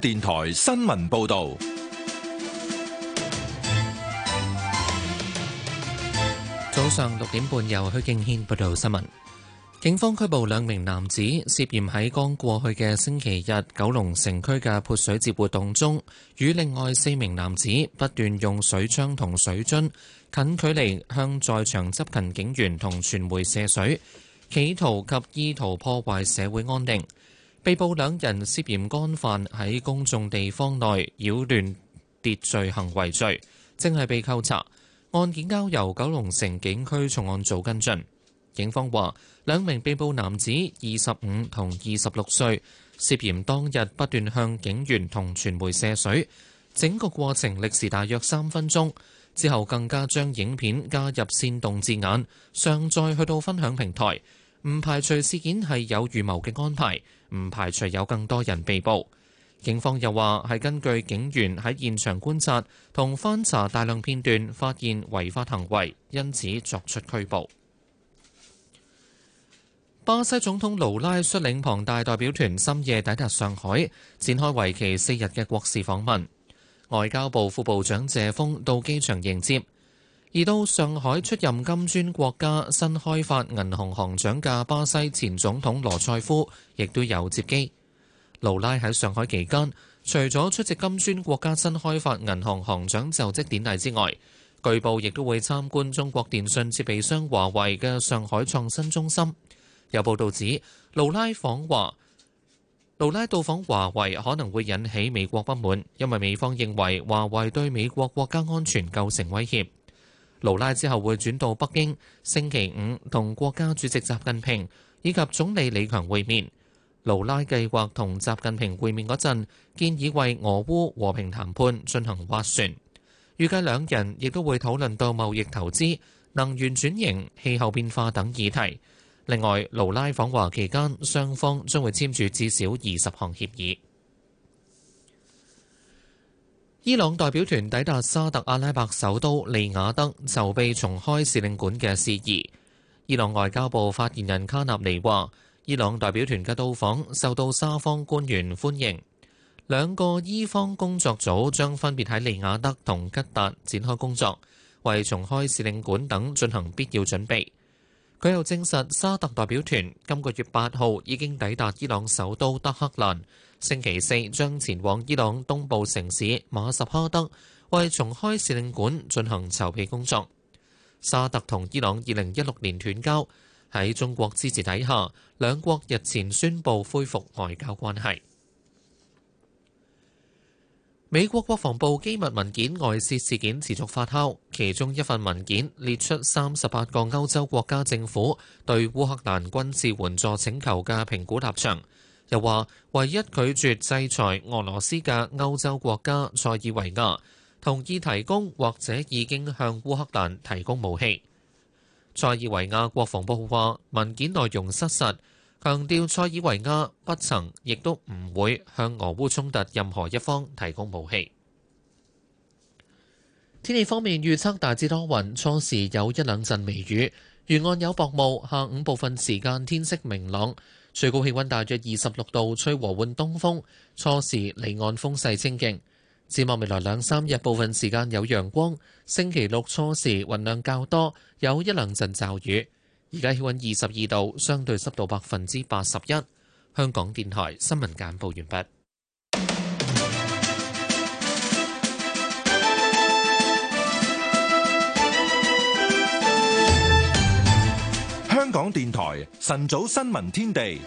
電台新聞報道：早上六點半由，由許敬軒報道新聞。警方拘捕兩名男子，涉嫌喺剛過去嘅星期日，九龍城區嘅潑水節活動中，與另外四名男子不斷用水槍同水樽近距離向在場執勤警員同傳媒射水，企圖及意圖破壞社會安定。被捕兩人涉嫌干犯喺公眾地方內擾亂秩序行為罪，正係被扣查。案件交由九龍城警區重案組跟進。警方話，兩名被捕男子，二十五同二十六歲，涉嫌當日不斷向警員同傳媒射水，整個過程歷時大約三分鐘。之後更加將影片加入煽動字眼，上載去到分享平台。唔排除事件係有預謀嘅安排，唔排除有更多人被捕。警方又話係根據警員喺現場觀察同翻查大量片段，發現違法行為，因此作出拘捕。巴西總統盧拉率領龐大代表團深夜抵達上海，展開為期四日嘅國事訪問。外交部副部長謝峰到機場迎接。而到上海出任金磚國家新開發銀行行長嘅巴西前總統羅塞夫，亦都有接機。盧拉喺上海期間，除咗出席金磚國家新開發銀行行長就職典禮之外，據報亦都會參觀中國電信設備商華為嘅上海創新中心。有報道指，盧拉訪華，盧拉到訪華為可能會引起美國不滿，因為美方認為華為對美國國家安全構成威脅。盧拉之後會轉到北京，星期五同國家主席習近平以及總理李強會面。盧拉計劃同習近平會面嗰陣，建議為俄烏和平談判進行斡旋，預計兩人亦都會討論到貿易、投資、能源轉型、氣候變化等議題。另外，盧拉訪華期間，雙方將會簽署至少二十項協議。伊朗代表團抵達沙特阿拉伯首都利雅得，籌備重開使領館嘅事宜。伊朗外交部發言人卡納尼話：伊朗代表團嘅到訪受到沙方官員歡迎。兩個伊方工作組將分別喺利雅得同吉達展開工作，為重開使領館等進行必要準備。佢又證實，沙特代表團今個月八號已經抵達伊朗首都德黑蘭。星期四將前往伊朗東部城市馬什哈德，為重開使領館進行籌備工作。沙特同伊朗二零一六年斷交，喺中國支持底下，兩國日前宣布恢復外交關係。美國國防部機密文件外泄事，事件持續發酵，其中一份文件列出三十八個歐洲國家政府對烏克蘭軍事援助請求嘅評估立場。又話唯一拒絕制裁俄羅斯嘅歐洲國家塞爾維亞同意提供或者已經向烏克蘭提供武器。塞爾維亞國防部話文件內容失實，強調塞爾維亞不曾亦都唔會向俄烏衝突任何一方提供武器。天氣方面預測大致多雲，初時有一兩陣微雨，沿岸有薄霧，下午部分時間天色明朗。最高氣温大約二十六度，吹和緩東風，初時離岸風勢清勁。展望未來兩三日，部分時間有陽光。星期六初時雲量較多，有一兩陣驟雨。而家氣温二十二度，相對濕度百分之八十一。香港電台新聞簡報完畢。港電台晨早新聞天地，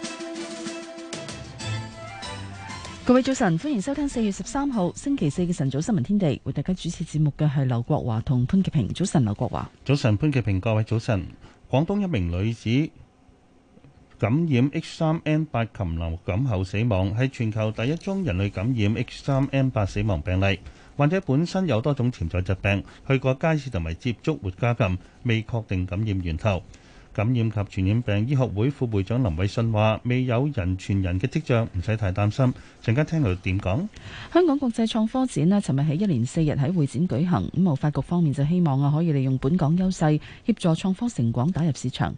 各位早晨，歡迎收聽四月十三號星期四嘅晨早新聞天地。為大家主持節目嘅係劉國華同潘潔平。早晨，劉國華。早晨，潘潔平。各位早晨。廣東一名女子感染 H 三 N 八禽流感後死亡，係全球第一宗人類感染 H 三 N 八死亡病例。患者本身有多種潛在疾病，去過街市同埋接觸活家禽，未確定感染源頭。感染及傳染病醫學會副會長林偉信話，未有人傳人嘅跡象，唔使太擔心。陣間聽落點講。香港國際創科展呢尋日喺一連四日喺會展舉行。咁，貿發局方面就希望啊，可以利用本港優勢，協助創科成廣打入市場。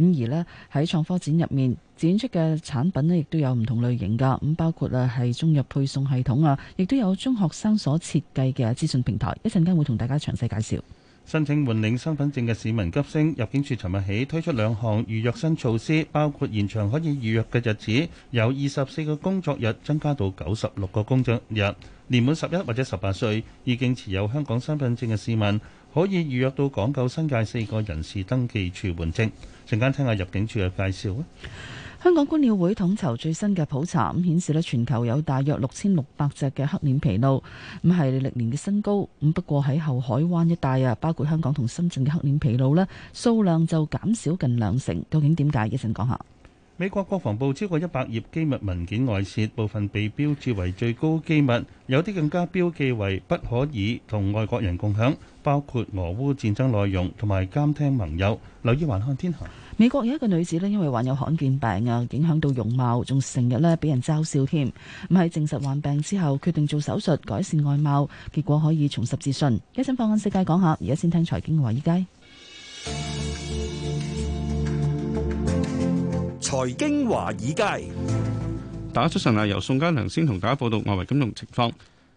咁而咧喺創科展入面，展出嘅產品呢亦都有唔同類型噶。咁包括啦，係中藥配送系統啊，亦都有中學生所設計嘅資訊平台。一陣間會同大家詳細介紹。申請換領身份證嘅市民急升，入境處尋日起推出兩項預約新措施，包括延長可以預約嘅日子，由二十四個工作日增加到九十六個工作日。年滿十一或者十八歲已經持有香港身份證嘅市民，可以預約到港九新界四個人事登記處換證。陣間聽下入境處嘅介紹啊！香港觀鳥會統籌最新嘅普查，咁顯示咧，全球有大約六千六百隻嘅黑臉琵鷺，咁係歷年嘅新高。咁不過喺後海灣一帶啊，包括香港同深圳嘅黑臉琵鷺咧，數量就減少近兩成。究竟點解？一陣講下。美國國防部超過一百頁機密文件外洩，部分被標誌為最高機密，有啲更加標記為不可以同外國人共享，包括俄烏戰爭內容同埋監聽盟友。留意環看天下。美國有一個女子呢，因為患有罕見病啊，影響到容貌，仲成日呢俾人嘲笑添。唔係證實患病之後，決定做手術改善外貌，結果可以重拾自信。一陣放眼世界講下，而家先聽財經華爾街。財經華爾街，打早晨啊！由宋嘉良先同大家報道外圍金融情況。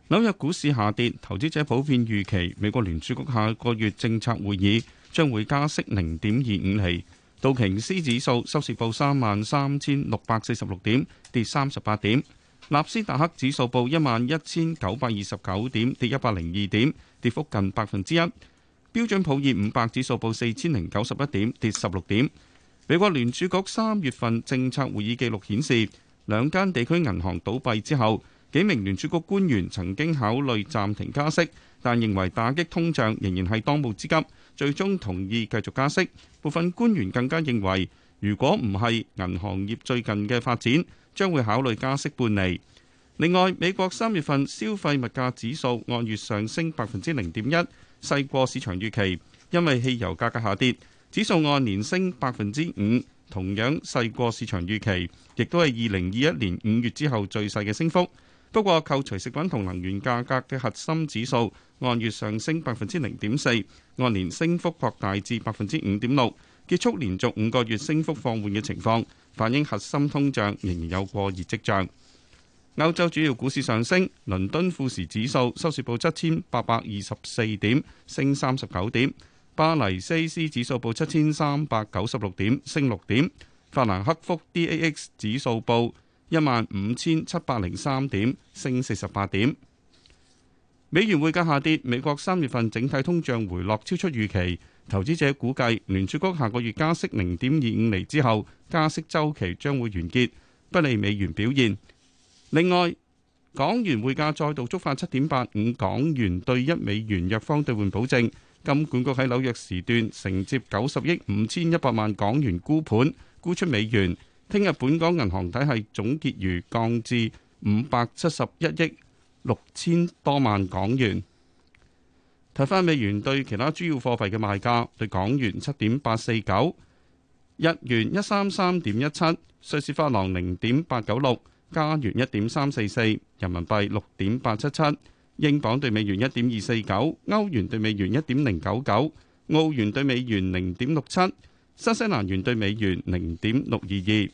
紐約股市下跌，投資者普遍預期美國聯儲局下個月政策會議將會加息零點二五厘。道瓊斯指數收市報三萬三千六百四十六點，跌三十八點；納斯達克指數報一萬一千九百二十九點，跌一百零二點，跌幅近百分之一。標準普爾五百指數報四千零九十一點，跌十六點。美國聯儲局三月份政策會議記錄顯示，兩間地區銀行倒閉之後，幾名聯儲局官員曾經考慮暫停加息。但認為打擊通脹仍然係當務之急，最終同意繼續加息。部分官員更加認為，如果唔係銀行業最近嘅發展，將會考慮加息半釐。另外，美國三月份消費物價指數按月上升百分之零點一，細過市場預期，因為汽油價格下跌。指數按年升百分之五，同樣細過市場預期，亦都係二零二一年五月之後最細嘅升幅。不過扣除食品同能源價格嘅核心指數按月上升百分之零點四，按年升幅擴大至百分之五點六，結束連續五個月升幅放緩嘅情況，反映核心通脹仍然有過熱跡象。歐洲主要股市上升，倫敦富時指數收市報七千八百二十四點，升三十九點；巴黎 CAC 指數報七千三百九十六點，升六點；法蘭克福 DAX 指數報一萬五千七百零三點，升四十八點。美元匯價下跌，美國三月份整體通脹回落超出預期，投資者估計聯儲局下個月加息零點二五厘之後，加息周期將會完結，不利美元表現。另外，港元匯價再度觸發七點八五港元兌一美元弱方兌換保證。金管局喺紐約時段承接九十億五千一百萬港元沽盤，沽出美元。聽日本港銀行體系總結餘降至五百七十一億六千多萬港元。睇返美元對其他主要貨幣嘅賣價：對港元七點八四九，日元一三三點一七，瑞士法郎零點八九六，加元一點三四四，人民幣六點八七七，英鎊對美元一點二四九，歐元對美元一點零九九，澳元對美元零點六七。新西蘭元對美元零點六二二，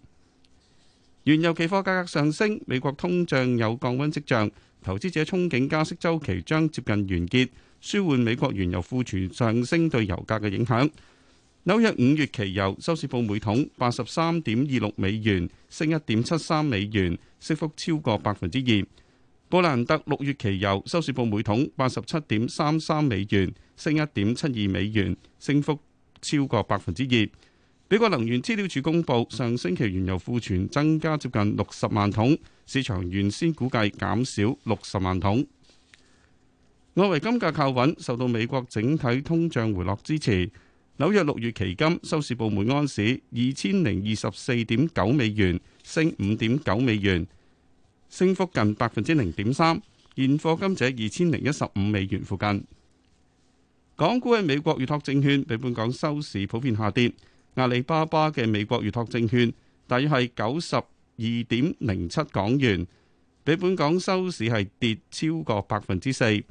原油期貨價格上升，美國通脹有降溫跡象，投資者憧憬加息周期將接近完結，舒緩美國原油庫存上升對油價嘅影響。紐約五月期油收市報每桶八十三點二六美元，升一點七三美元，升幅超過百分之二。布蘭特六月期油收市報每桶八十七點三三美元，升一點七二美元，升幅超過百分之二。美國能源資料署公布，上星期原油庫存增加接近六十萬桶，市場原先估計減少六十萬桶。外圍金價靠穩，受到美國整體通脹回落支持。紐約六月期金收市報每盎士二千零二十四點九美元，升五點九美元，升幅近百分之零點三。現貨金則二千零一十五美元附近。港股嘅美國預託證券被本港收市普遍下跌。阿里巴巴嘅美國預託證券大約係九十二點零七港元，比本港收市係跌超過百分之四。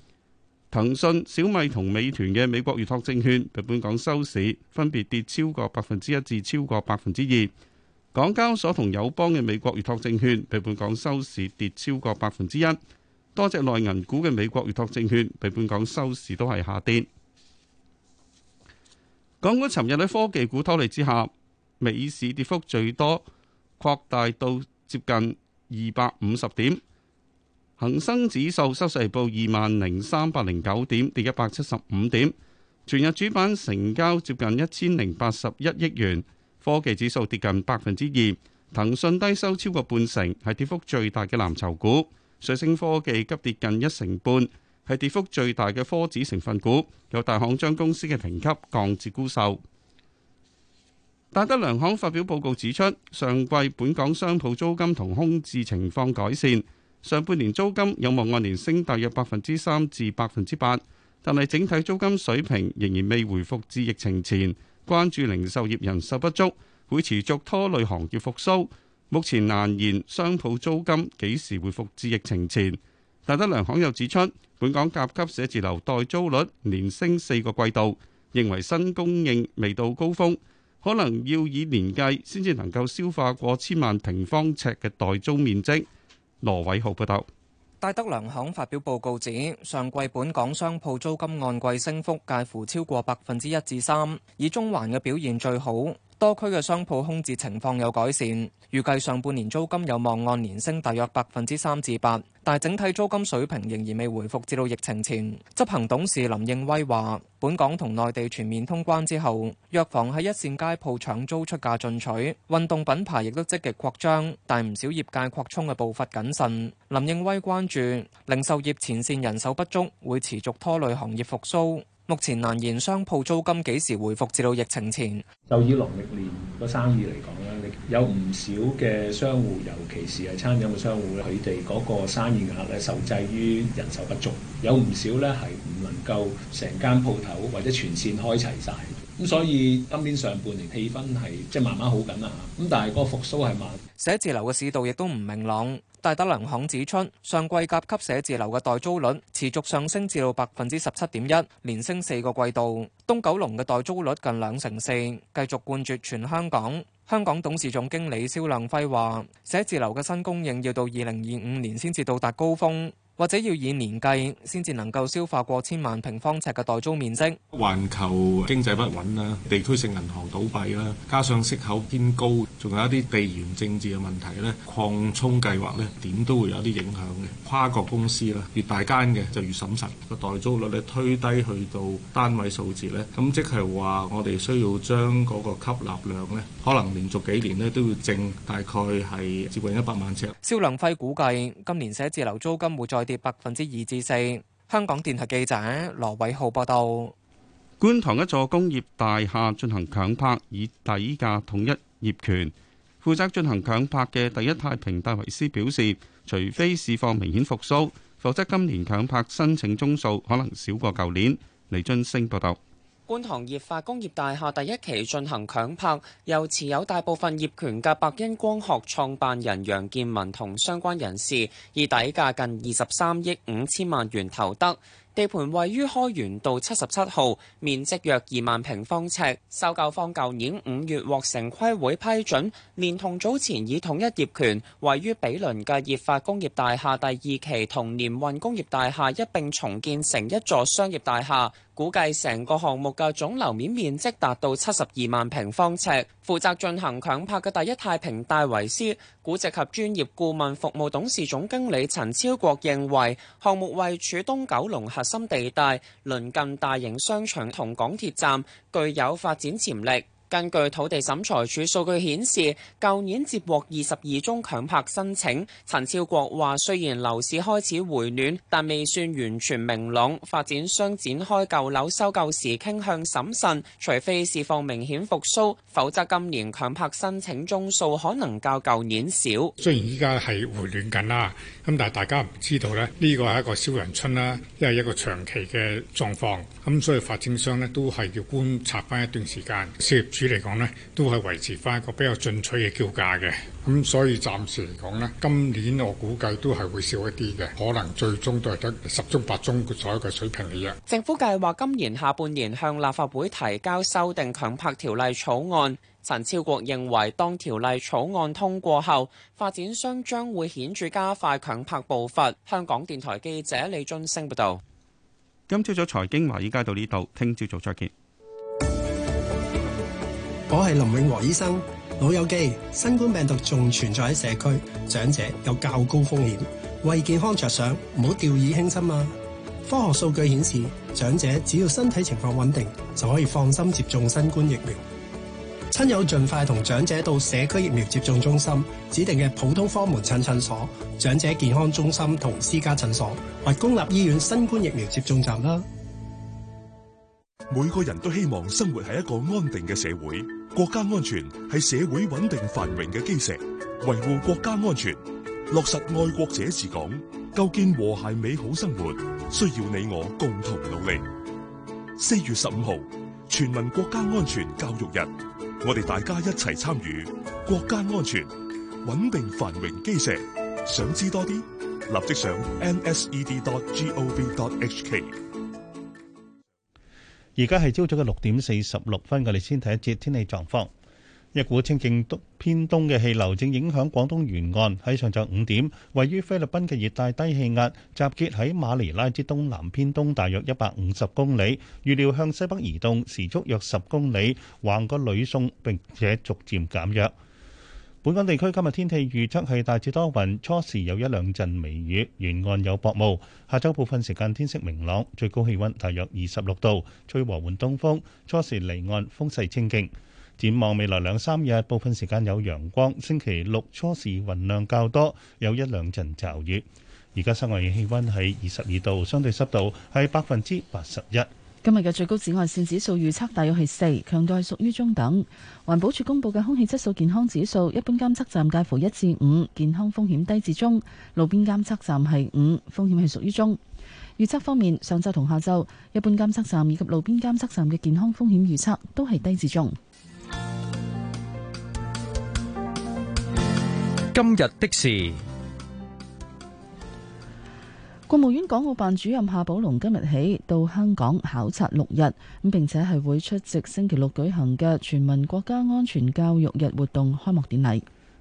騰訊、小米同美團嘅美國預託證券被本港收市分別跌超過百分之一至超過百分之二。港交所同友邦嘅美國預託證券被本港收市跌超過百分之一。多隻內銀股嘅美國預託證券被本港收市都係下跌。港股尋日喺科技股拖累之下，美市跌幅最多，擴大到接近二百五十點。恒生指數收市報二萬零三百零九點，跌一百七十五點。全日主板成交接近一千零八十一億元，科技指數跌近百分之二，騰訊低收超過半成，係跌幅最大嘅藍籌股。瑞星科技急跌近一成半。係跌幅最大嘅科指成分股，有大行將公司嘅評級降至沽售。戴德梁行發表報告指出，上季本港商鋪租金同空置情況改善，上半年租金有望按年升大約百分之三至百分之八，但係整體租金水平仍然未回復至疫情前。關注零售業人手不足會持續拖累行業復甦，目前難言商鋪租金幾時回復至疫情前。戴德梁行又指出，本港甲級寫字樓代租率連升四個季度，認為新供應未到高峰，可能要以年計先至能夠消化過千萬平方尺嘅代租面積。羅偉浩報道，戴德梁行發表報告指，上季本港商鋪租金按季升幅介乎超過百分之一至三，以中環嘅表現最好，多區嘅商鋪空置情況有改善。預計上半年租金有望按年升大約百分之三至八，但整體租金水平仍然未回復至到疫情前。執行董事林應威話，本港同內地全面通關之後，藥房喺一線街鋪搶租出價進取，運動品牌亦都積極擴張，但唔少業界擴充嘅步伐謹慎。林應威關注零售業前線人手不足會持續拖累行業復甦，目前難言商鋪租金幾時回復至到疫情前。就以農曆年個生意嚟講咧，有唔少嘅商戶，尤其是係餐飲嘅商戶，佢哋嗰個生意額咧受制於人手不足，有唔少咧係唔能夠成間鋪頭或者全線開齊曬。咁所以今年上半年氣氛係即係慢慢好緊啦嚇。咁但係嗰個復甦係慢。寫字樓嘅市道亦都唔明朗。戴德梁行指出，上季甲級寫字樓嘅代租率持續上升至到百分之十七點一，連升四個季度。東九龍嘅代租率近兩成四，繼續冠絕全香港。香港董事總經理肖亮輝話：寫字樓嘅新供應要到二零二五年先至到達高峰。或者要以年計先至能夠消化過千萬平方尺嘅代租面積，環球經濟不穩啦，地區性銀行倒閉啦，加上息口偏高，仲有一啲地緣政治嘅問題咧，擴充計劃咧點都會有啲影響嘅。跨國公司啦，越大間嘅就越審慎，個代租率咧，推低去到單位數字咧，咁即係話我哋需要將嗰個吸納量咧，可能連續幾年咧都要淨大概係接近一百萬尺。蕭良輝估計今年寫字樓租金會再跌百分之二至四。香港電台記者羅偉浩報道：觀塘一座工業大廈進行強拍，以底價統一業權。負責進行強拍嘅第一太平戴維斯表示，除非市況明顯復蘇，否則今年強拍申請宗數可能少過舊年。李津升報道。觀塘業發工業大廈第一期進行強拍，由持有大部分業權嘅伯恩光學創辦人楊建文同相關人士以底價近二十三億五千萬元投得地盤，位於開源道七十七號，面積約二萬平方尺。收購方舊年五月獲城規會批准，連同早前已統一業權位於比鄰嘅業發工業大廈第二期同聯運工業大廈一並重建成一座商業大廈。估計成個項目嘅總樓面面積達到七十二萬平方尺。負責進行強拍嘅第一太平戴維斯估值及專業顧問服務董事總經理陳超國認為，項目位處東九龍核心地帶，鄰近大型商場同港鐵站，具有發展潛力。根據土地審裁處數據顯示，舊年接獲二十二宗強拍申請。陳超國話：雖然樓市開始回暖，但未算完全明朗。發展商展開舊樓收購時傾向審慎，除非市況明顯復甦，否則今年強拍申請宗數可能較舊年少。雖然依家係回暖緊啦，咁但係大家唔知道咧，呢個係一個小陽春啦，因為一個長期嘅狀況，咁所以發展商咧都係要觀察翻一段時間業嚟講呢，都係維持翻一個比較進取嘅叫價嘅，咁所以暫時嚟講呢，今年我估計都係會少一啲嘅，可能最終都係得十宗八宗咁左右嘅水平嚟嘅。政府計劃今年下半年向立法會提交修訂強拍條例草案。陳超國認為，當條例草案通過後，發展商將會顯著加快強拍步伐。香港電台記者李俊升報道。今朝早財經華爾街到呢度，聽朝早再見。我係林永和醫生，老友記，新冠病毒仲存在喺社區，長者有較高風險，為健康着想，唔好掉以輕心啊！科學數據顯示，長者只要身體情況穩定，就可以放心接種新冠疫苗。親友盡快同長者到社區疫苗接種中心、指定嘅普通科門診診所、長者健康中心同私家診所或公立醫院新冠疫苗接種站啦。每個人都希望生活喺一個安定嘅社會，國家安全係社會穩定繁榮嘅基石。維護國家安全，落實愛國者治港，構建和諧美好生活，需要你我共同努力。四月十五號全民國家安全教育日，我哋大家一齊參與國家安全穩定繁榮基石。想知多啲，立即上 nsed.gov.hk。而家係朝早嘅六點四十六分，我哋先睇一節天氣狀況。一股清勁偏東嘅氣流正影響廣東沿岸。喺上晝五點，位於菲律賓嘅熱帶低氣壓集結喺馬尼拉之東南偏東大約一百五十公里，預料向西北移動，時速約十公里，橫過呂宋，並且逐漸減弱。本港地區今日天，天氣預測係大致多雲，初時有一兩陣微雨，沿岸有薄霧。下晝部分時間天色明朗，最高氣温大約二十六度，吹和緩東風。初時離岸風勢清勁。展望未來兩三日，部分時間有陽光。星期六初時雲量較多，有一兩陣驟雨。而家室外氣溫係二十二度，相對濕度係百分之八十一。今日嘅最高紫外線指數預測大約係四，強度係屬於中等。環保署公布嘅空氣質素健康指數，一般監測站介乎一至五，健康風險低至中；路邊監測站係五，風險係屬於中。預測方面，上晝同下晝，一般監測站以及路邊監測站嘅健康風險預測都係低至中。今日的事。國務院港澳辦主任夏寶龍今日起到香港考察六日，並且係會出席星期六舉行嘅全民國家安全教育日活動開幕典禮。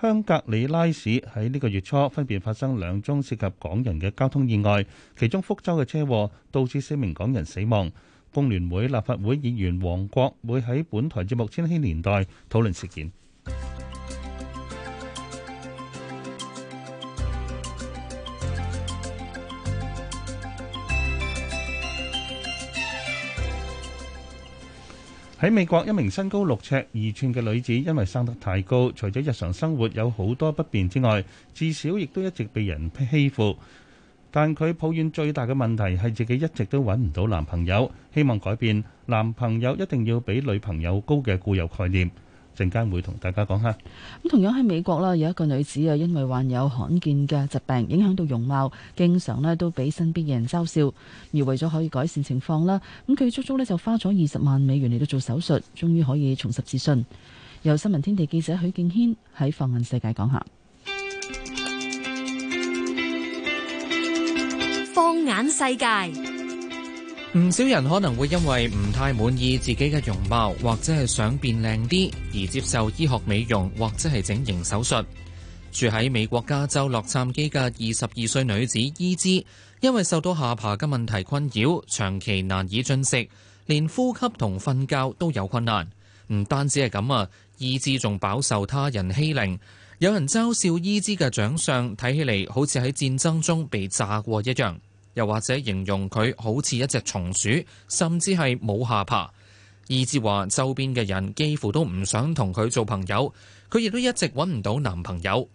香格里拉市喺呢個月初分別發生兩宗涉及港人嘅交通意外，其中福州嘅車禍導致四名港人死亡。工聯會立法會議員王國會喺本台節目《千禧年代》討論事件。喺美國，一名身高六尺二寸嘅女子，因為生得太高，除咗日常生活有好多不便之外，至少亦都一直被人欺負。但佢抱怨最大嘅問題係自己一直都揾唔到男朋友，希望改變男朋友一定要比女朋友高嘅固有概念。陣間會同大家講下。咁同樣喺美國啦，有一個女子啊，因為患有罕見嘅疾病，影響到容貌，經常呢都俾身邊嘅人嘲笑。而為咗可以改善情況啦，咁佢足足呢就花咗二十萬美元嚟到做手術，終於可以重拾自信。由新聞天地記者許敬軒喺放眼世界講下。放眼世界。唔少人可能會因為唔太滿意自己嘅容貌，或者係想變靚啲，而接受醫學美容，或者係整形手術。住喺美國加州洛杉磯嘅二十二歲女子伊茲，因為受到下巴嘅問題困擾，長期難以進食，連呼吸同瞓覺都有困難。唔單止係咁啊，伊茲仲飽受他人欺凌，有人嘲笑伊茲嘅長相，睇起嚟好似喺戰爭中被炸過一樣。又或者形容佢好似一隻松鼠，甚至係冇下巴，以致話周邊嘅人幾乎都唔想同佢做朋友，佢亦都一直揾唔到男朋友。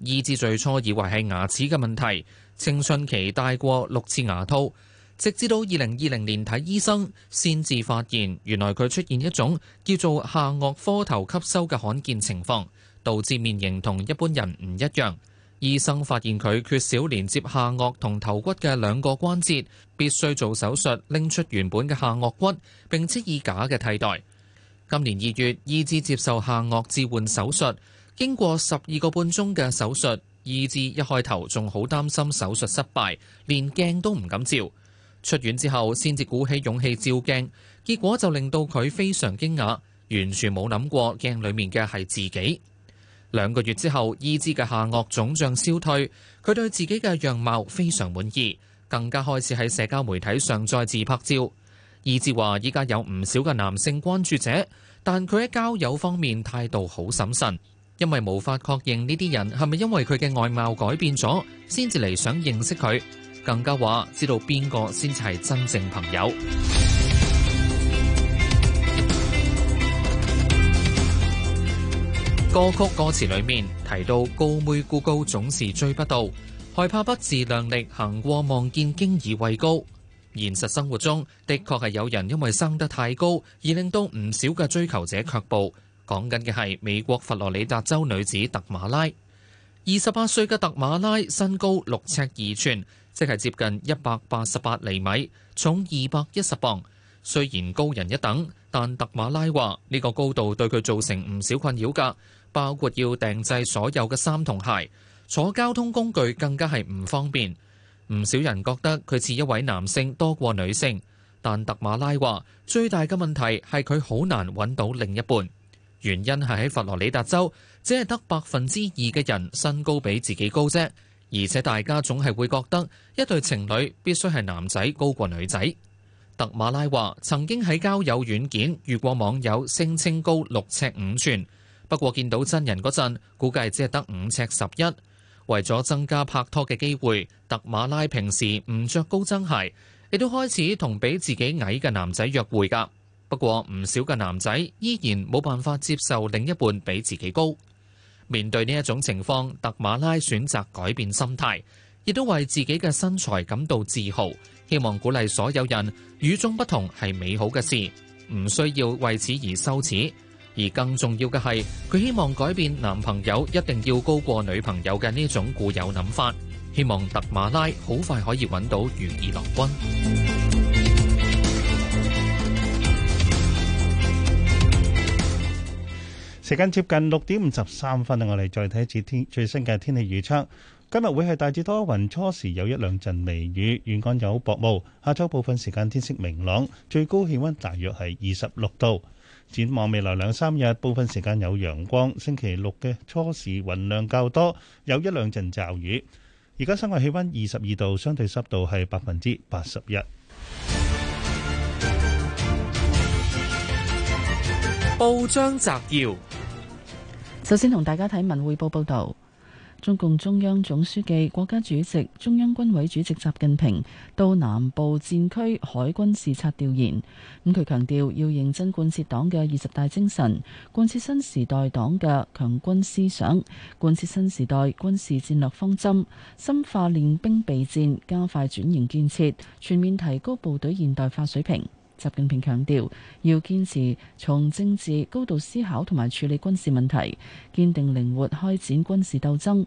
以致最初以為係牙齒嘅問題，青春期戴過六次牙套，直至到二零二零年睇醫生先至發現，原來佢出現一種叫做下顎科頭吸收嘅罕見情況，導致面型同一般人唔一樣。醫生發現佢缺少連接下顎同頭骨嘅兩個關節，必須做手術拎出原本嘅下顎骨，並置以假嘅替代。今年二月，意志接受下顎置換手術，經過十二個半鐘嘅手術，意志一開頭仲好擔心手術失敗，連鏡都唔敢照。出院之後，先至鼓起勇氣照鏡，結果就令到佢非常驚訝，完全冇諗過鏡裡面嘅係自己。兩個月之後，伊芝嘅下顎腫脹消退，佢對自己嘅樣貌非常滿意，更加開始喺社交媒體上載自拍照。伊芝話：依家有唔少嘅男性關注者，但佢喺交友方面態度好審慎，因為無法確認呢啲人係咪因為佢嘅外貌改變咗先至嚟想認識佢。更加話知道邊個先至係真正朋友。歌曲歌詞裏面提到高妹故高，總是追不到，害怕不自量力行過望見驚而畏高。現實生活中的確係有人因為生得太高而令到唔少嘅追求者卻步。講緊嘅係美國佛羅里達州女子特馬拉，二十八歲嘅特馬拉身高六尺二寸，即係接近一百八十八厘米，重二百一十磅。雖然高人一等，但特馬拉話呢個高度對佢造成唔少困擾㗎。包括要定製所有嘅衫同鞋，坐交通工具更加係唔方便。唔少人覺得佢似一位男性多過女性，但特馬拉話最大嘅問題係佢好難揾到另一半。原因係喺佛羅里達州，只係得百分之二嘅人身高比自己高啫，而且大家總係會覺得一對情侶必須係男仔高過女仔。特馬拉話曾經喺交友軟件遇過網友聲稱高六尺五寸。不過見到真人嗰陣，估計只係得五尺十一。為咗增加拍拖嘅機會，特馬拉平時唔着高踭鞋，亦都開始同比自己矮嘅男仔約會㗎。不過唔少嘅男仔依然冇辦法接受另一半比自己高。面對呢一種情況，特馬拉選擇改變心態，亦都為自己嘅身材感到自豪，希望鼓勵所有人，與眾不同係美好嘅事，唔需要為此而羞恥。而更重要嘅係，佢希望改變男朋友一定要高過女朋友嘅呢種固有諗法，希望特馬拉好快可以揾到如意郎君。時間接近六點五十三分啊！我哋再睇一次天最新嘅天氣預測。今日會係大致多雲，初時有一兩陣微雨，沿岸有薄霧。下晝部分時間天色明朗，最高氣溫大約係二十六度。展望未來兩三日，部分時間有陽光。星期六嘅初時雲量較多，有一兩陣驟雨。而家室外氣温二十二度，相對濕度係百分之八十一。報章摘要，首先同大家睇文匯報報道。中共中央總書記、國家主席、中央軍委主席習近平到南部戰區海軍視察調研，咁佢強調要認真貫徹黨嘅二十大精神，貫徹新時代黨嘅強軍思想，貫徹新時代軍事戰略方針，深化練兵備戰，加快轉型建設，全面提高部隊現代化水平。習近平強調，要堅持從政治高度思考同埋處理軍事問題，堅定靈活開展軍事鬥爭，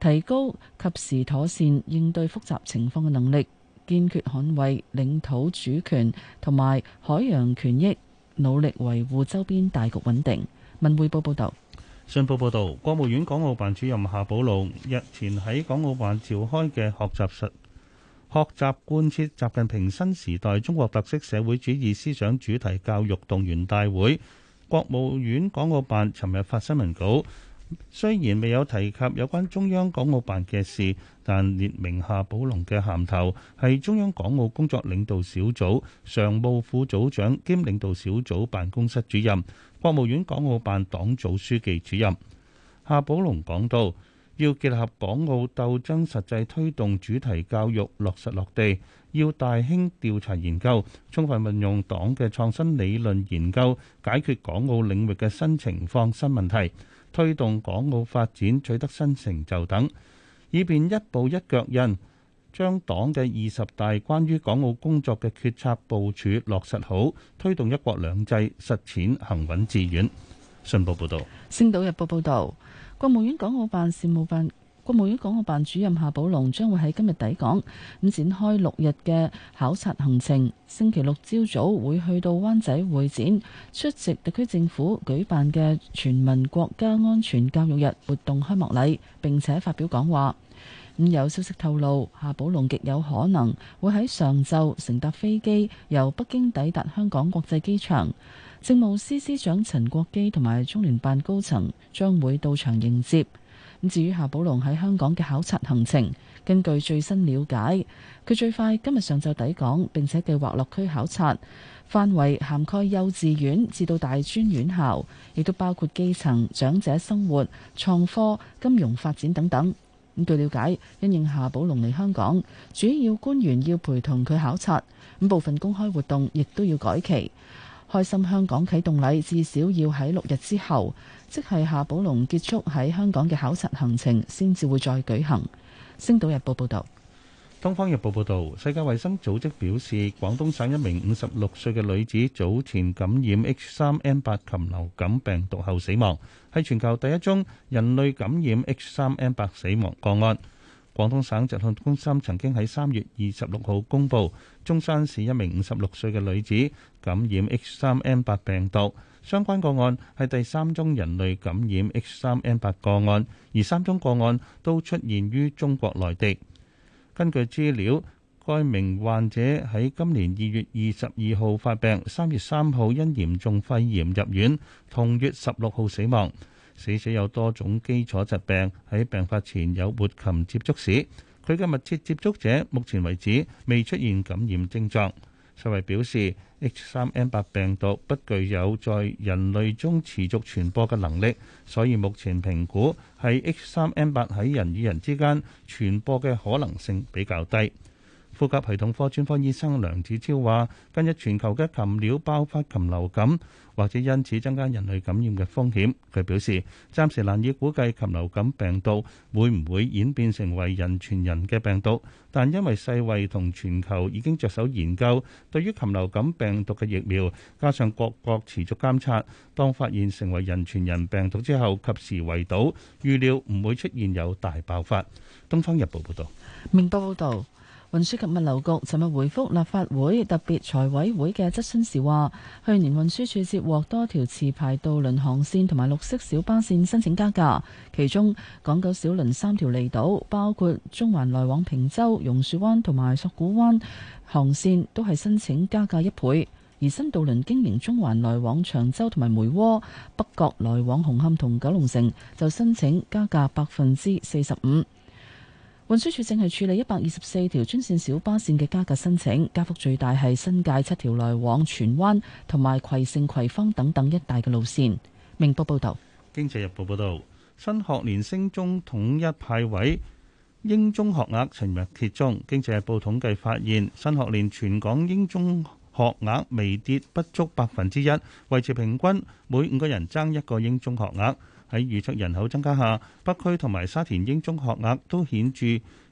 提高及時妥善應對複雜情況嘅能力，堅決捍衛領土主權同埋海洋權益，努力維護周邊大局穩定。文匯報報道，信報報道，國務院港澳辦主任夏寶龍日前喺港澳辦召開嘅學習實。學習貫徹習近平新時代中國特色社會主義思想主題教育動員大會，國務院港澳辦尋日發新聞稿，雖然未有提及有關中央港澳辦嘅事，但列明夏寶龍嘅銜頭係中央港澳工作領導小組常務副組長兼領導小組辦公室主任、國務院港澳辦黨組書記主任。夏寶龍講到。要結合港澳鬥爭實際推動主題教育落實落地，要大興調查研究，充分運用黨嘅創新理論研究解決港澳領域嘅新情況、新問題，推動港澳發展取得新成就等，以便一步一腳印將黨嘅二十大關於港澳工作嘅決策部署落實好，推動一國兩制實踐行穩致遠。信報報導，《星島日報》報導。國務院港澳辦事務辦、國務院港澳辦主任夏寶龍將會喺今日抵港，咁展開六日嘅考察行程。星期六朝早會去到灣仔會展出席特區政府舉辦嘅全民國家安全教育日活動開幕禮，並且發表講話。咁有消息透露，夏寶龍極有可能會喺上晝乘搭飛機由北京抵達香港國際機場。政務司司長陳國基同埋中聯辦高層將會到場迎接。咁至於夏寶龍喺香港嘅考察行程，根據最新了解，佢最快今日上晝抵港，並且計劃落區考察，範圍涵蓋幼稚園至到大專院校，亦都包括基層、長者生活、創科、金融發展等等。咁據了解，因應夏寶龍嚟香港，主要官員要陪同佢考察，咁部分公開活動亦都要改期。開心香港啟動禮至少要喺六日之後，即係夏寶龍結束喺香港嘅考察行程，先至會再舉行。星島日報報道，東方日報報道，世界衛生組織表示，廣東省一名五十六歲嘅女子早前感染 H 三 N 八禽流感病毒後死亡，係全球第一宗人類感染 H 三 N 八死亡個案。廣東省疾控中心曾經喺三月二十六號公佈，中山市一名五十六歲嘅女子感染 H3N8 病毒，相關個案係第三宗人類感染 H3N8 個案，而三宗個案都出現於中國內地。根據資料，該名患者喺今年二月二十二號發病，三月三號因嚴重肺炎入院，同月十六號死亡。死者有多種基礎疾病，喺病發前有活禽接觸史。佢嘅密切接觸者目前為止未出現感染症狀。世衞表示，H 三 N 八病毒不具有在人類中持續傳播嘅能力，所以目前評估係 H 三 N 八喺人與人之間傳播嘅可能性比較低。呼吸系統科專科醫生梁子超話，近日全球嘅禽鳥爆發禽流感，或者因此增加人類感染嘅風險。佢表示，暫時難以估計禽流感病毒會唔會演變成為人傳人嘅病毒，但因為世衞同全球已經着手研究，對於禽流感病毒嘅疫苗，加上各國持續監察，當發現成為人傳人病毒之後，及時圍堵，預料唔會出現有大爆發。《東方日報》報道，《明報》報道。運輸及物流局尋日回覆立法會特別財委會嘅質詢時話，去年運輸處接獲多條持牌渡輪航線同埋綠色小巴線申請加價，其中港九小輪三條離島，包括中環來往坪洲、榕樹灣同埋索罟灣航線，都係申請加價一倍；而新渡輪經營中環來往長洲同埋梅窩、北角來往紅磡同九龍城，就申請加價百分之四十五。運輸署正係處理一百二十四條專線小巴線嘅加價申請，加幅最大係新界七條來往荃灣同埋葵盛葵芳等等一帶嘅路線。明報報道，經濟日報報道，新學年升中統一派位，英中學額尋日揭中。經濟日報統計發現，新學年全港英中學額微跌不足百分之一，維持平均每五個人爭一個英中學額。喺預測人口增加下，北區同埋沙田英中學額都顯著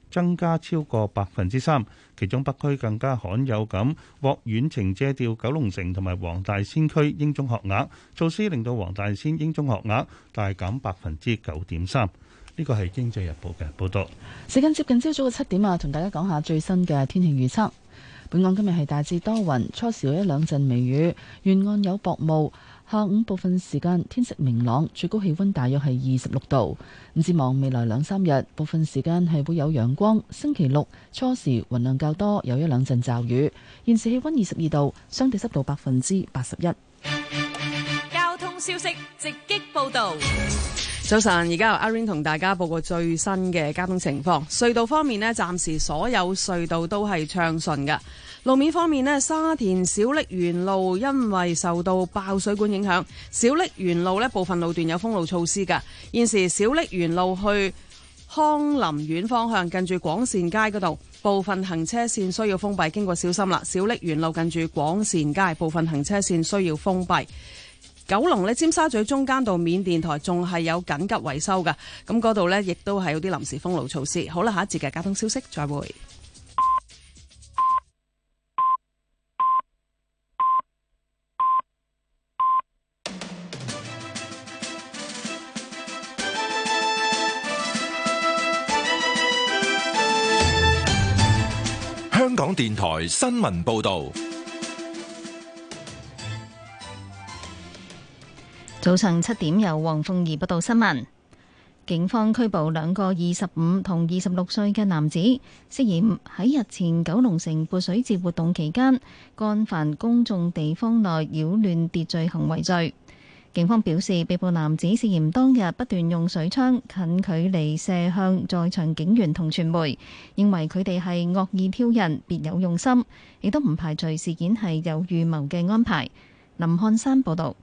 增加超過百分之三，其中北區更加罕有咁獲遠程借調九龍城同埋黃大仙區英中學額措施，令到黃大仙英中學額大減百分之九點三。呢個係《經濟日報》嘅報導。時間接近朝早嘅七點啊，同大家講下最新嘅天氣預測。本港今日係大致多雲，初時有一兩陣微雨，沿岸有薄霧。下午部分時間天色明朗，最高氣溫大約係二十六度。展望未來兩三日，部分時間係會有陽光。星期六初時雲量較多，有一兩陣驟雨。現時氣溫二十二度，相對濕度百分之八十一。交通消息直擊報道。早晨，而家由阿 Ring 同大家報告最新嘅交通情況。隧道方面呢，暫時所有隧道都係暢順㗎。路面方面咧，沙田小瀝源路因為受到爆水管影響，小瀝源路咧部分路段有封路措施噶。現時小瀝源路去康林苑方向，近住廣善街嗰度部分行車線需要封閉，經過小心啦。小瀝源路近住廣善街部分行車線需要封閉。九龍咧，尖沙咀中間道緬甸台仲係有緊急維修噶，咁嗰度呢，亦都係有啲臨時封路措施。好啦，下一節嘅交通消息，再會。香港電台新聞報道，早上七點由黃鳳儀報道新聞。警方拘捕兩個二十五同二十六歲嘅男子，涉嫌喺日前九龍城潑水節活動期間，干犯公眾地方內擾亂秩序行為罪。警方表示，被捕男子涉嫌當日不斷用水槍近距離射向在場警員同傳媒，認為佢哋係惡意挑釁別有用心，亦都唔排除事件係有預謀嘅安排。林漢山報道。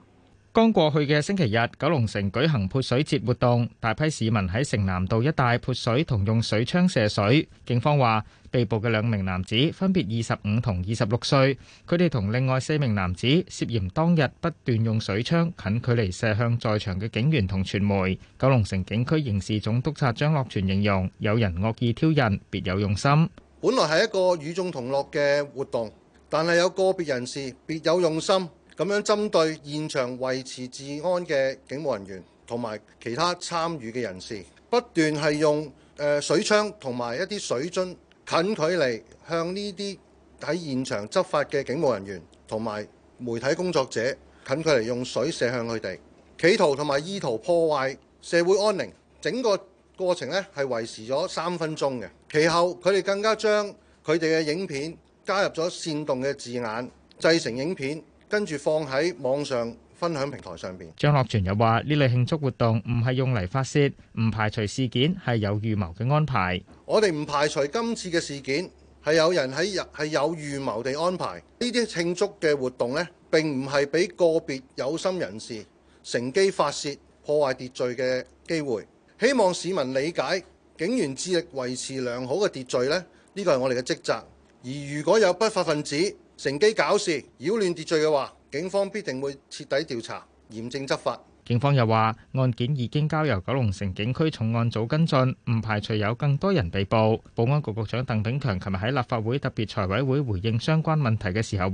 剛過去嘅星期日，九龍城舉行潑水節活動，大批市民喺城南道一帶潑水同用水槍射水。警方話，被捕嘅兩名男子分別二十五同二十六歲，佢哋同另外四名男子涉嫌當日不斷用水槍近距離射向在場嘅警員同傳媒。九龍城警區刑事總督察張樂全形容，有人惡意挑釁，別有用心。本來係一個與眾同樂嘅活動，但係有個別人士別有用心。咁樣針對現場維持治安嘅警務人員同埋其他參與嘅人士，不斷係用誒水槍同埋一啲水樽近距離向呢啲喺現場執法嘅警務人員同埋媒體工作者近距離用水射向佢哋，企圖同埋意圖破壞社會安寧。整個過程呢係維持咗三分鐘嘅。其後佢哋更加將佢哋嘅影片加入咗煽動嘅字眼，製成影片。跟住放喺網上分享平台上邊。張樂全又話：呢類慶祝活動唔係用嚟發泄，唔排除事件係有預謀嘅安排。我哋唔排除今次嘅事件係有人喺，係有預謀地安排呢啲慶祝嘅活動呢，並唔係俾個別有心人士乘機發泄破壞秩序嘅機會。希望市民理解，警員致力維持良好嘅秩序呢，呢個係我哋嘅職責。而如果有不法分子，乘機搞事、擾亂秩序嘅話，警方必定會徹底調查、嚴正執法。警方又話,案件已經交由九龍城警區重案組跟進,唔排除有更多人被捕。保安局局長鄧炳強琴日喺立法會特別財委會回應相關問題嘅時候,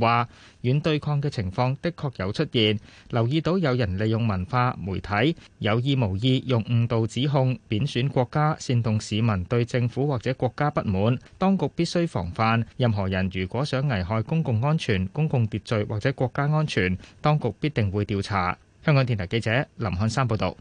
軟對抗嘅情況的確有出現,留意到有人利用文化,媒體,有意無意用誤導指控,貶損國家,煽動市民對政府或者國家不滿。當局必須防範,任何人如果想危害公共安全、公共秩序或者國家安全,當局必定會調查。香港電臺記者林漢山報道：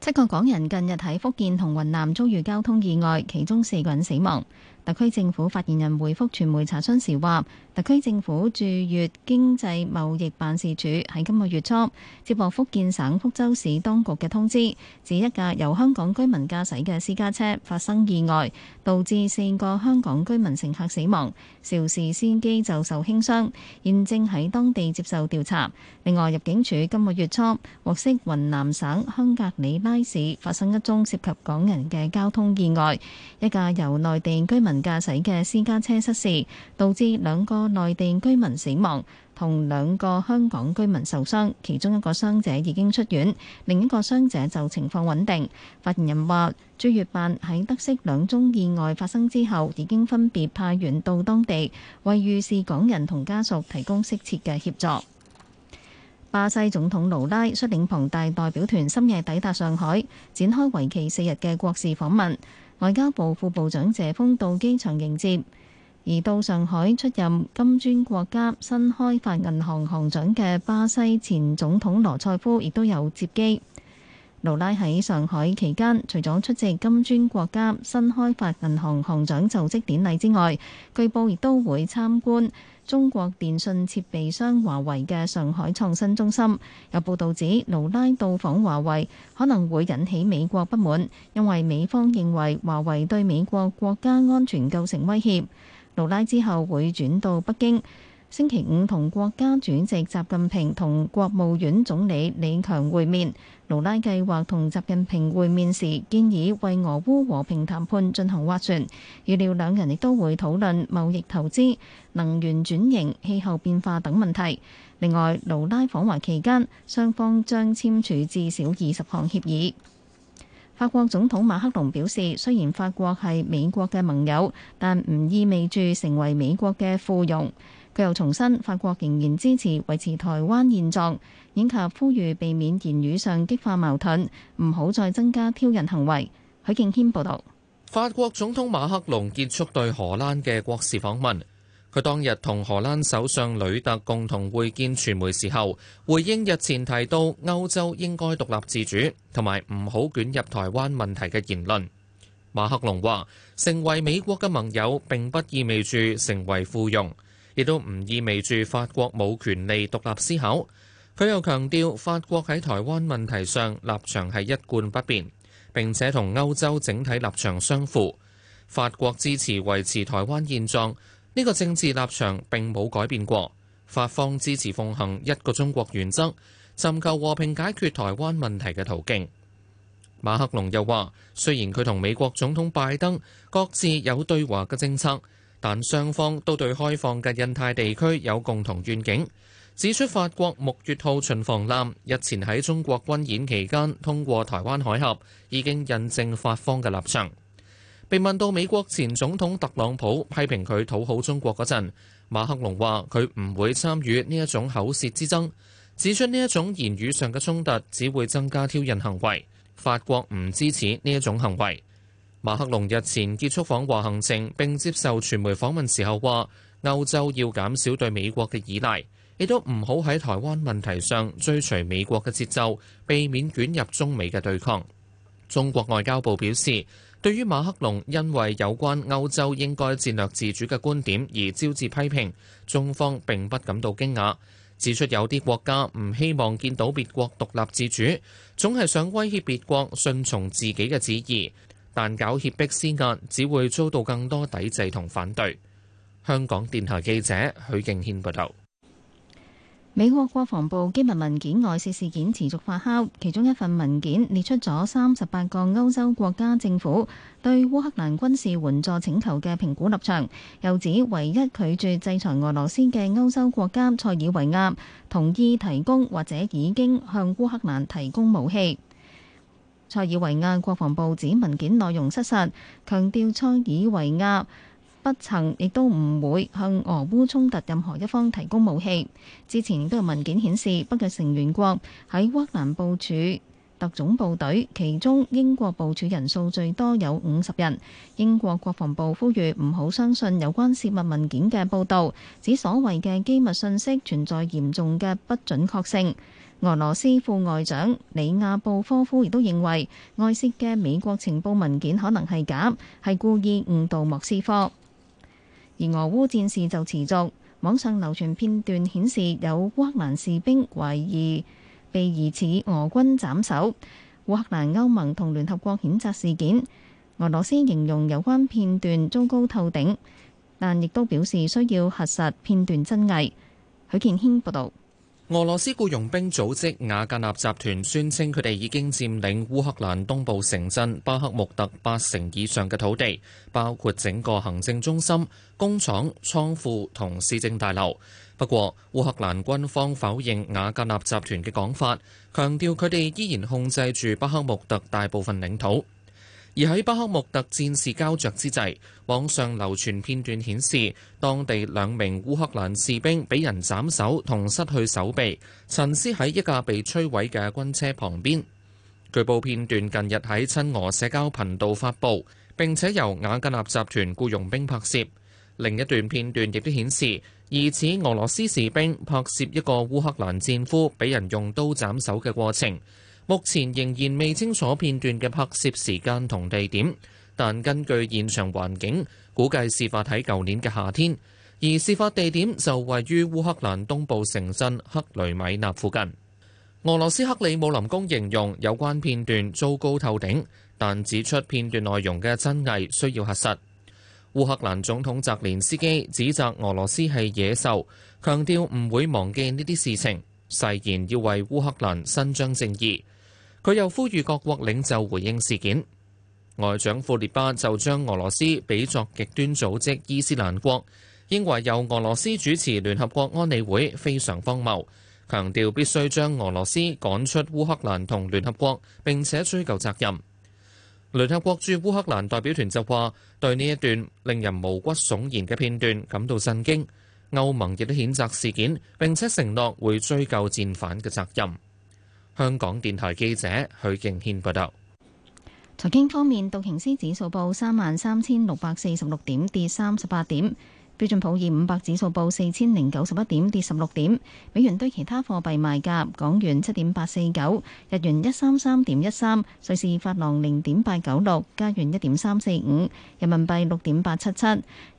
七個港人近日喺福建同雲南遭遇交通意外，其中四個人死亡。特區政府發言人回覆傳媒查詢時話。特區政府駐粵經濟貿易辦事處喺今個月初接獲福建省福州市當局嘅通知，指一架由香港居民駕駛嘅私家車發生意外，導致四個香港居民乘客死亡，肇事司機就受輕傷，現正喺當地接受調查。另外，入境處今個月初獲悉雲南省香格里拉市發生一宗涉及港人嘅交通意外，一架由內地居民駕駛嘅私家車失事，導致兩個。內地居民死亡，同兩個香港居民受傷，其中一個傷者已經出院，另一個傷者就情況穩定。發言人話，駐粵辦喺得悉兩宗意外發生之後，已經分別派員到當地為遇事港人同家屬提供適切嘅協助。巴西總統盧拉率領龐大代表團深夜抵達上海，展開為期四日嘅國事訪問。外交部副部長謝峰到機場迎接。而到上海出任金磚國家新開發銀行行長嘅巴西前總統羅塞夫亦都有接機。盧拉喺上海期間除咗出席金磚國家新開發銀行行長就職典禮之外，據報亦都會參觀中國電信設備商華為嘅上海創新中心。有報道指，盧拉到訪華為可能會引起美國不滿，因為美方認為華為對美國國家安全構成威脅。盧拉之後會轉到北京，星期五同國家主席習近平同國務院總理李強會面。盧拉計劃同習近平會面時，建議為俄烏和平談判進行斡旋。預料兩人亦都會討論貿易、投資、能源轉型、氣候變化等問題。另外，盧拉訪華期間，雙方將簽署至少二十項協議。法國總統馬克龍表示，雖然法國係美國嘅盟友，但唔意味住成為美國嘅附庸。佢又重申，法國仍然支持維持台灣現狀，以及呼籲避免言語上激化矛盾，唔好再增加挑釁行為。許敬軒報道。法國總統馬克龍結束對荷蘭嘅國事訪問。佢當日同荷蘭首相呂特共同會見傳媒時候，回應日前提到歐洲應該獨立自主，同埋唔好捲入台灣問題嘅言論。馬克龍話：成為美國嘅盟友並不意味住成為附庸，亦都唔意味住法國冇權利獨立思考。佢又強調法國喺台灣問題上立場係一貫不變，並且同歐洲整體立場相符。法國支持維持台灣現狀。呢個政治立場並冇改變過，法方支持奉行一個中國原則，尋求和平解決台灣問題嘅途徑。馬克龍又話：雖然佢同美國總統拜登各自有對華嘅政策，但雙方都對開放嘅印太地區有共同願景。指出法國木月號巡防艦日前喺中國軍演期間通過台灣海峽，已經印證法方嘅立場。被問到美國前總統特朗普批評佢討好中國嗰陣，馬克龍話佢唔會參與呢一種口舌之爭，指出呢一種言語上嘅衝突只會增加挑釁行為，法國唔支持呢一種行為。馬克龍日前結束訪華行程並接受傳媒訪問時候話，歐洲要減少對美國嘅依賴，亦都唔好喺台灣問題上追隨美國嘅節奏，避免捲入中美嘅對抗。中國外交部表示：對於馬克龍因為有關歐洲應該戰略自主嘅觀點而招致批評，中方並不感到驚訝，指出有啲國家唔希望見到別國獨立自主，總係想威脅別國順從自己嘅旨意，但搞脅迫施壓只會遭到更多抵制同反對。香港電台記者許敬軒報道。美國國防部機密文件外洩事件持續發酵，其中一份文件列出咗三十八個歐洲國家政府對烏克蘭軍事援助請求嘅評估立場，又指唯一拒絕制裁俄羅斯嘅歐洲國家塞爾維亞同意提供或者已經向烏克蘭提供武器。塞爾維亞國防部指文件內容失實，強調塞爾維亞。不曾，亦都唔會向俄烏衝突任何一方提供武器。之前都有文件顯示，北約成員國喺烏克蘭部署特種部隊，其中英國部署人數最多有五十人。英國國防部呼籲唔好相信有關泄密文件嘅報導，指所謂嘅機密信息存在嚴重嘅不準確性。俄羅斯副外長里亞布科夫亦都認為，外泄嘅美國情報文件可能係假，係故意誤導莫斯科。而俄烏戰事就持續，網上流傳片段顯示有烏克蘭士兵懷疑被疑似俄軍斬首，烏克蘭、歐盟同聯合國譴責事件，俄羅斯形容有關片段糟糕透頂，但亦都表示需要核實片段真偽。許建軒報道。俄羅斯僱傭兵組織瓦格納集團宣稱，佢哋已經佔領烏克蘭東部城鎮巴克穆特八成以上嘅土地，包括整個行政中心、工廠、倉庫同市政大樓。不過，烏克蘭軍方否認瓦格納集團嘅講法，強調佢哋依然控制住巴克穆特大部分領土。而喺巴克穆特戰事膠着之際，網上流傳片段顯示，當地兩名烏克蘭士兵俾人斬首同失去手臂，陳屍喺一架被摧毀嘅軍車旁邊。據報片段近日喺親俄社交頻道發布，並且由瓦格納集團僱傭兵拍攝。另一段片段亦都顯示，疑似俄羅斯士兵拍攝一個烏克蘭戰俘俾人用刀斬首嘅過程。目前仍然未清楚片段嘅拍攝時間同地點，但根據現場環境，估計事發喺舊年嘅夏天，而事發地點就位於烏克蘭東部城鎮克雷米納附近。俄羅斯克里姆林宮形容有關片段糟糕透頂，但指出片段內容嘅真偽需要核實。烏克蘭總統澤連斯基指責俄羅斯係野獸，強調唔會忘記呢啲事情，誓言要為烏克蘭伸張正義。佢又呼籲各國領袖回應事件。外長庫列巴就將俄羅斯比作極端組織伊斯蘭國，認為由俄羅斯主持聯合國安理會非常荒謬，強調必須將俄羅斯趕出烏克蘭同聯合國，並且追究責任。聯合國駐烏克蘭代表團就話對呢一段令人毛骨悚然嘅片段感到震驚。歐盟亦都譴責事件，並且承諾會追究戰犯嘅責任。香港電台記者許敬軒報道。財經方面，道瓊斯指數報三萬三千六百四十六點，跌三十八點；標準普爾五百指數報四千零九十一點，跌十六點。美元兌其他貨幣賣價：港元七點八四九，日元一三三點一三，瑞士法郎零點八九六，加元一點三四五，人民幣六點八七七，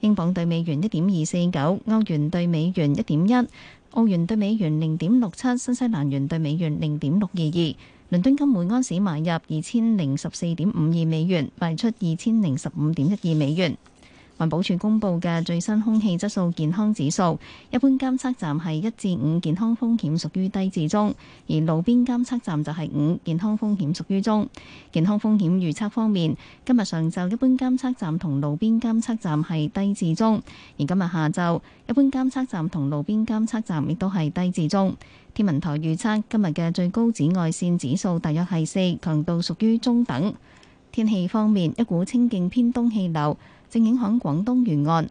英鎊兌美元一點二四九，歐元兌美元一點一。澳元兌美元零點六七，新西蘭元兌美元零點六二二，倫敦金每安士買入二千零十四點五二美元，賣出二千零十五點一二美元。環保署公布嘅最新空氣質素健康指數，一般監測站係一至五，健康風險屬於低至中，而路邊監測站就係五，健康風險屬於中。健康風險預測方面，今日上晝一般監測站同路邊監測站係低至中，而今日下晝一般監測站同路邊監測站亦都係低至中。天文台預測今日嘅最高紫外線指數大約係四，強度屬於中等。天氣方面，一股清勁偏東氣流，正影響廣東沿岸。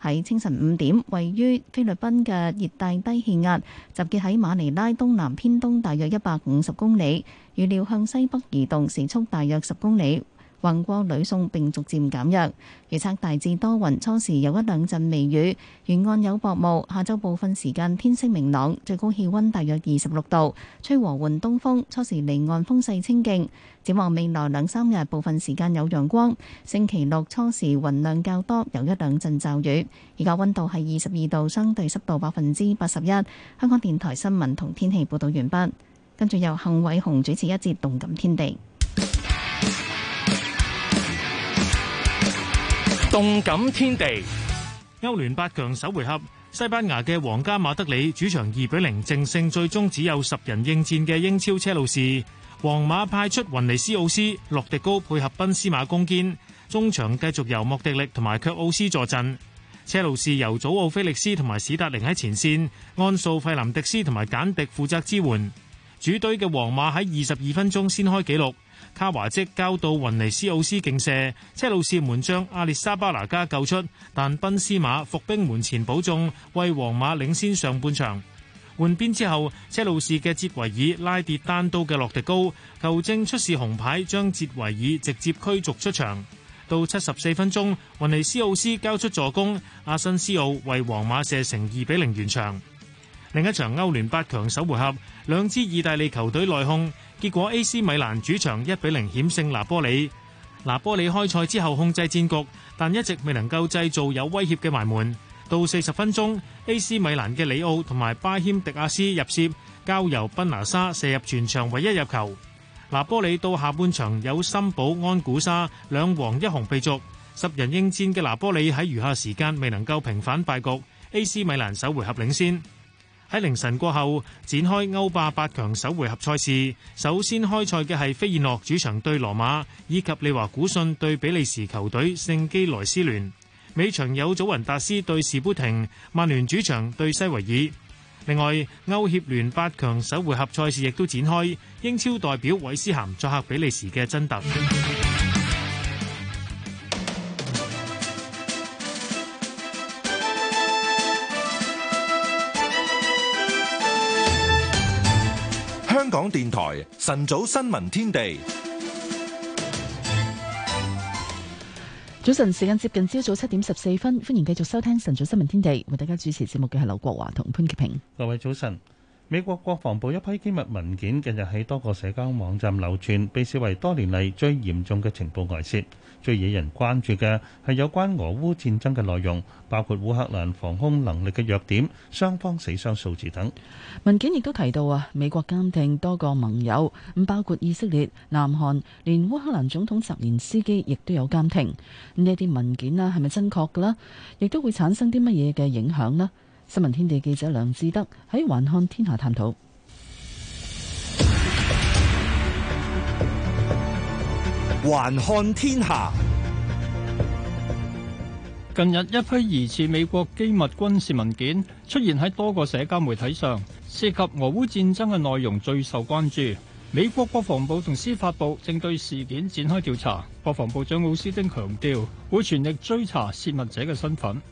喺清晨五點，位於菲律賓嘅熱帶低氣壓集結喺馬尼拉東南偏東大約一百五十公里，預料向西北移動，時速大約十公里。橫過呂宋，並逐漸減弱。預測大致多雲，初時有一兩陣微雨，沿岸有薄霧。下週部分時間天色明朗，最高氣温大約二十六度，吹和緩東風，初時離岸風勢清勁。展望未來兩三日，部分時間有陽光。星期六初時雲量較多，有一兩陣驟雨。而家温度係二十二度，相對濕度百分之八十一。香港電台新聞同天氣報導完畢。跟住由幸偉雄主持一節《動感天地》。動感天地，歐聯八強首回合，西班牙嘅皇家馬德里主場二比零正勝最終只有十人應戰嘅英超車路士。皇馬派出雲尼斯奧斯、洛迪高配合賓斯馬攻堅，中場繼續由莫迪力同埋卻奧斯坐陣，車路士由祖奧菲力斯同埋史達寧喺前線，安素費林迪斯同埋簡迪負責支援，主隊嘅皇馬喺二十二分鐘先開紀錄。卡華即交到雲尼斯奧斯勁射，車路士門將阿列沙巴拿加救出，但賓斯馬伏兵門前補中，為皇馬領先上半場。換邊之後，車路士嘅捷維爾拉跌單刀嘅洛迪高，球證出示紅牌，將捷維爾直接驅逐出場。到七十四分鐘，雲尼斯奧斯交出助攻，阿申斯奧為皇馬射成二比零完場。另一場歐聯八強首回合，兩支意大利球隊內訌，結果 AC 米蘭主場一比零險勝拿波里。拿波里開賽之後控制戰局，但一直未能夠製造有威脅嘅埋門。到四十分鐘，AC 米蘭嘅里奧同埋巴謙迪亞斯入楔，交由賓拿沙射入全場唯一入球。拿波里到下半場有森保安古沙兩黃一紅被逐，十人應戰嘅拿波里喺餘下時間未能夠平反敗局。AC 米蘭首回合領先。喺凌晨過後展開歐霸八強首回合賽事，首先開賽嘅係菲爾諾主場對羅馬，以及利華古遜對比利時球隊聖基萊斯聯。尾場有祖雲達斯對士砵亭，曼聯主場對西維爾。另外，歐協聯八強首回合賽事亦都展開，英超代表韋斯咸作客比利時嘅真特。香港電台晨早新聞天地，早晨時間接近朝早七點十四分，歡迎繼續收聽晨早新聞天地，為大家主持節目嘅係劉國華同潘潔平。各位早晨。美國國防部一批機密文件近日喺多個社交網站流傳，被視為多年嚟最嚴重嘅情報外泄。最惹人關注嘅係有關俄烏戰爭嘅內容，包括烏克蘭防空能力嘅弱點、雙方死傷數字等。文件亦都提到啊，美國監聽多個盟友，咁包括以色列、南韓，連烏克蘭總統澤連斯基亦都有監聽。呢啲文件啦係咪真確噶啦？亦都會產生啲乜嘢嘅影響呢？新聞天地記者梁志德喺《環看天下》探討《環看天下》。近日，一批疑似美國機密軍事文件出現喺多個社交媒體上，涉及俄烏戰爭嘅內容最受關注。美國國防部同司法部正對事件展開調查。國防部長奧斯丁強調，會全力追查泄密者嘅身份。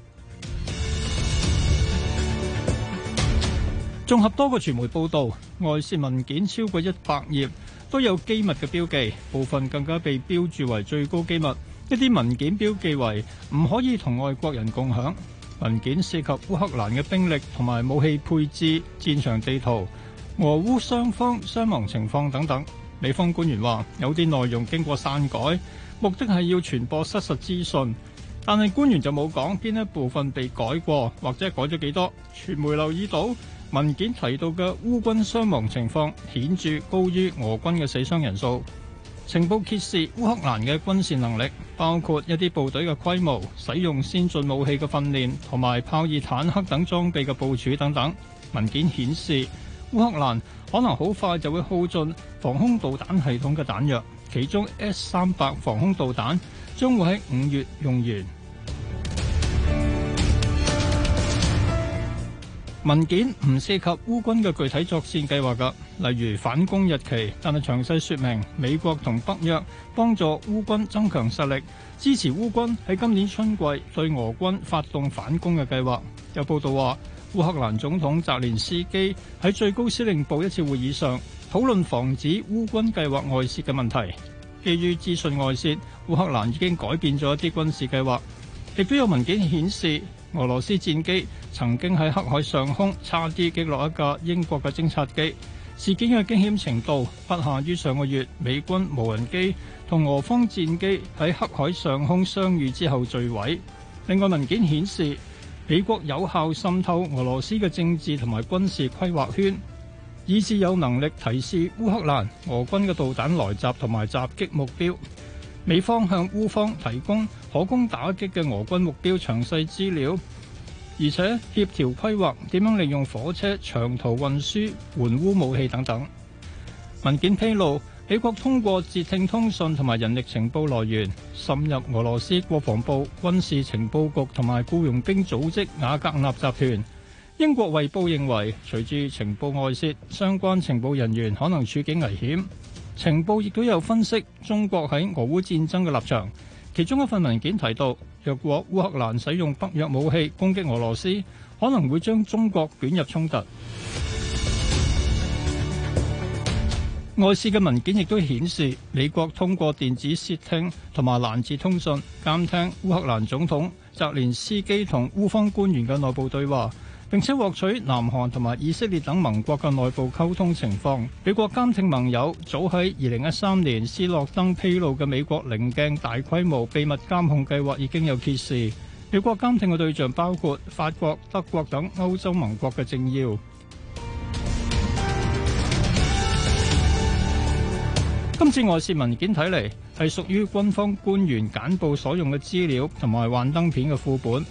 綜合多個傳媒報道，外泄文件超過一百頁，都有機密嘅標記，部分更加被標注為最高機密。一啲文件標記為唔可以同外國人共享。文件涉及烏克蘭嘅兵力同埋武器配置、戰場地圖、俄烏雙方傷亡情況等等。美方官員話有啲內容經過刪改，目的係要傳播失實資訊，但係官員就冇講邊一部分被改過，或者改咗幾多。傳媒留意到。文件提到嘅烏軍傷亡情況顯著高於俄軍嘅死傷人數，情報揭示烏克蘭嘅軍事能力，包括一啲部隊嘅規模、使用先進武器嘅訓練同埋炮耳坦克等裝備嘅部署等等。文件顯示烏克蘭可能好快就會耗盡防空導彈系統嘅彈藥，其中 S 三百防空導彈將會喺五月用完。文件唔涉及烏軍嘅具體作戰計劃㗎，例如反攻日期，但係詳細說明美國同北約幫助烏軍增強實力，支持烏軍喺今年春季對俄軍發動反攻嘅計劃，有報道話烏克蘭總統澤連斯基喺最高司令部一次會議上討論防止烏軍計劃外泄嘅問題，基於資訊外泄，烏克蘭已經改變咗一啲軍事計劃，亦都有文件顯示。俄羅斯戰機曾經喺黑海上空差啲擊落一架英國嘅偵察機，事件嘅驚險程度不下於上個月，美軍無人機同俄方戰機喺黑海上空相遇之後墜毀。另外文件顯示，美國有效滲透俄羅斯嘅政治同埋軍事規劃圈，以至有能力提示烏克蘭俄軍嘅導彈來襲同埋襲擊目標。美方向烏方提供。可供打擊嘅俄軍目標詳細資料，而且協調規劃點樣利用火車長途運輸援烏武器等等。文件披露，美國通過截聽通訊同埋人力情報來源滲入俄羅斯國防部、軍事情報局同埋僱傭兵組織瓦格納集團。英國《衛報》認為，隨住情報外泄，相關情報人員可能處境危險。情報亦都有分析中國喺俄烏戰爭嘅立場。其中一份文件提到，若果烏克蘭使用北約武器攻擊俄羅斯，可能會將中國捲入衝突。 外事嘅文件亦都顯示，美國通過電子竊聽同埋攔截通訊監聽烏克蘭總統澤連斯基同烏方官員嘅內部對話。並且獲取南韓同埋以色列等盟國嘅內部溝通情況。美國監聽盟友早喺二零一三年斯諾登披露嘅美國稜鏡大規模秘密監控計劃已經有揭示。美國監聽嘅對象包括法國、德國等歐洲盟國嘅政要。今次外泄文件睇嚟係屬於軍方官員簡報所用嘅資料，同埋幻燈片嘅副本。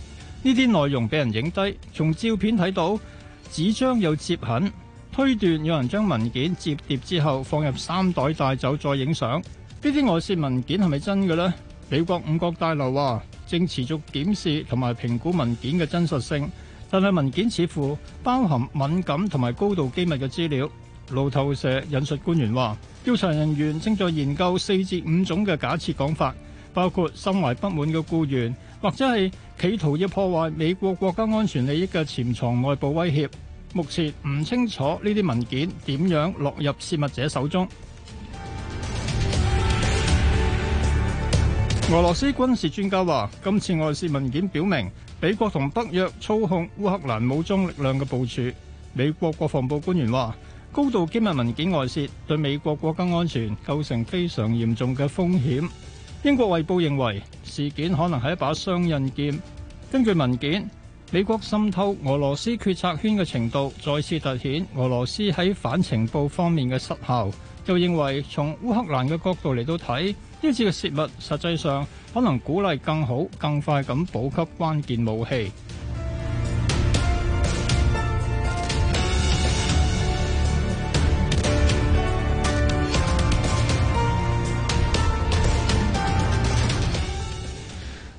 呢啲內容俾人影低，從照片睇到紙張有折痕，推斷有人將文件摺疊之後放入三袋帶走再影相。呢啲外泄文件係咪真嘅呢？美國五角大樓話正持續檢視同埋評估文件嘅真實性，但係文件似乎包含敏感同埋高度機密嘅資料。路透社引述官員話，調查人員正在研究四至五種嘅假設講法。包括心懷不滿嘅雇員，或者係企圖要破壞美國國家安全利益嘅潛藏內部威脅。目前唔清楚呢啲文件點樣落入泄密者手中。 俄羅斯軍事專家話：今次外泄文件表明美國同北約操控烏克蘭武裝力量嘅部署。美國國防部官員話：高度機密文件外泄對美國國家安全構成非常嚴重嘅風險。英國衛報認為事件可能係一把雙刃劍。根據文件，美國滲透俄羅斯決策圈嘅程度再次凸顯俄羅斯喺反情報方面嘅失效。又認為從烏克蘭嘅角度嚟到睇呢次嘅洩密，實際上可能鼓勵更好、更快咁補給關鍵武器。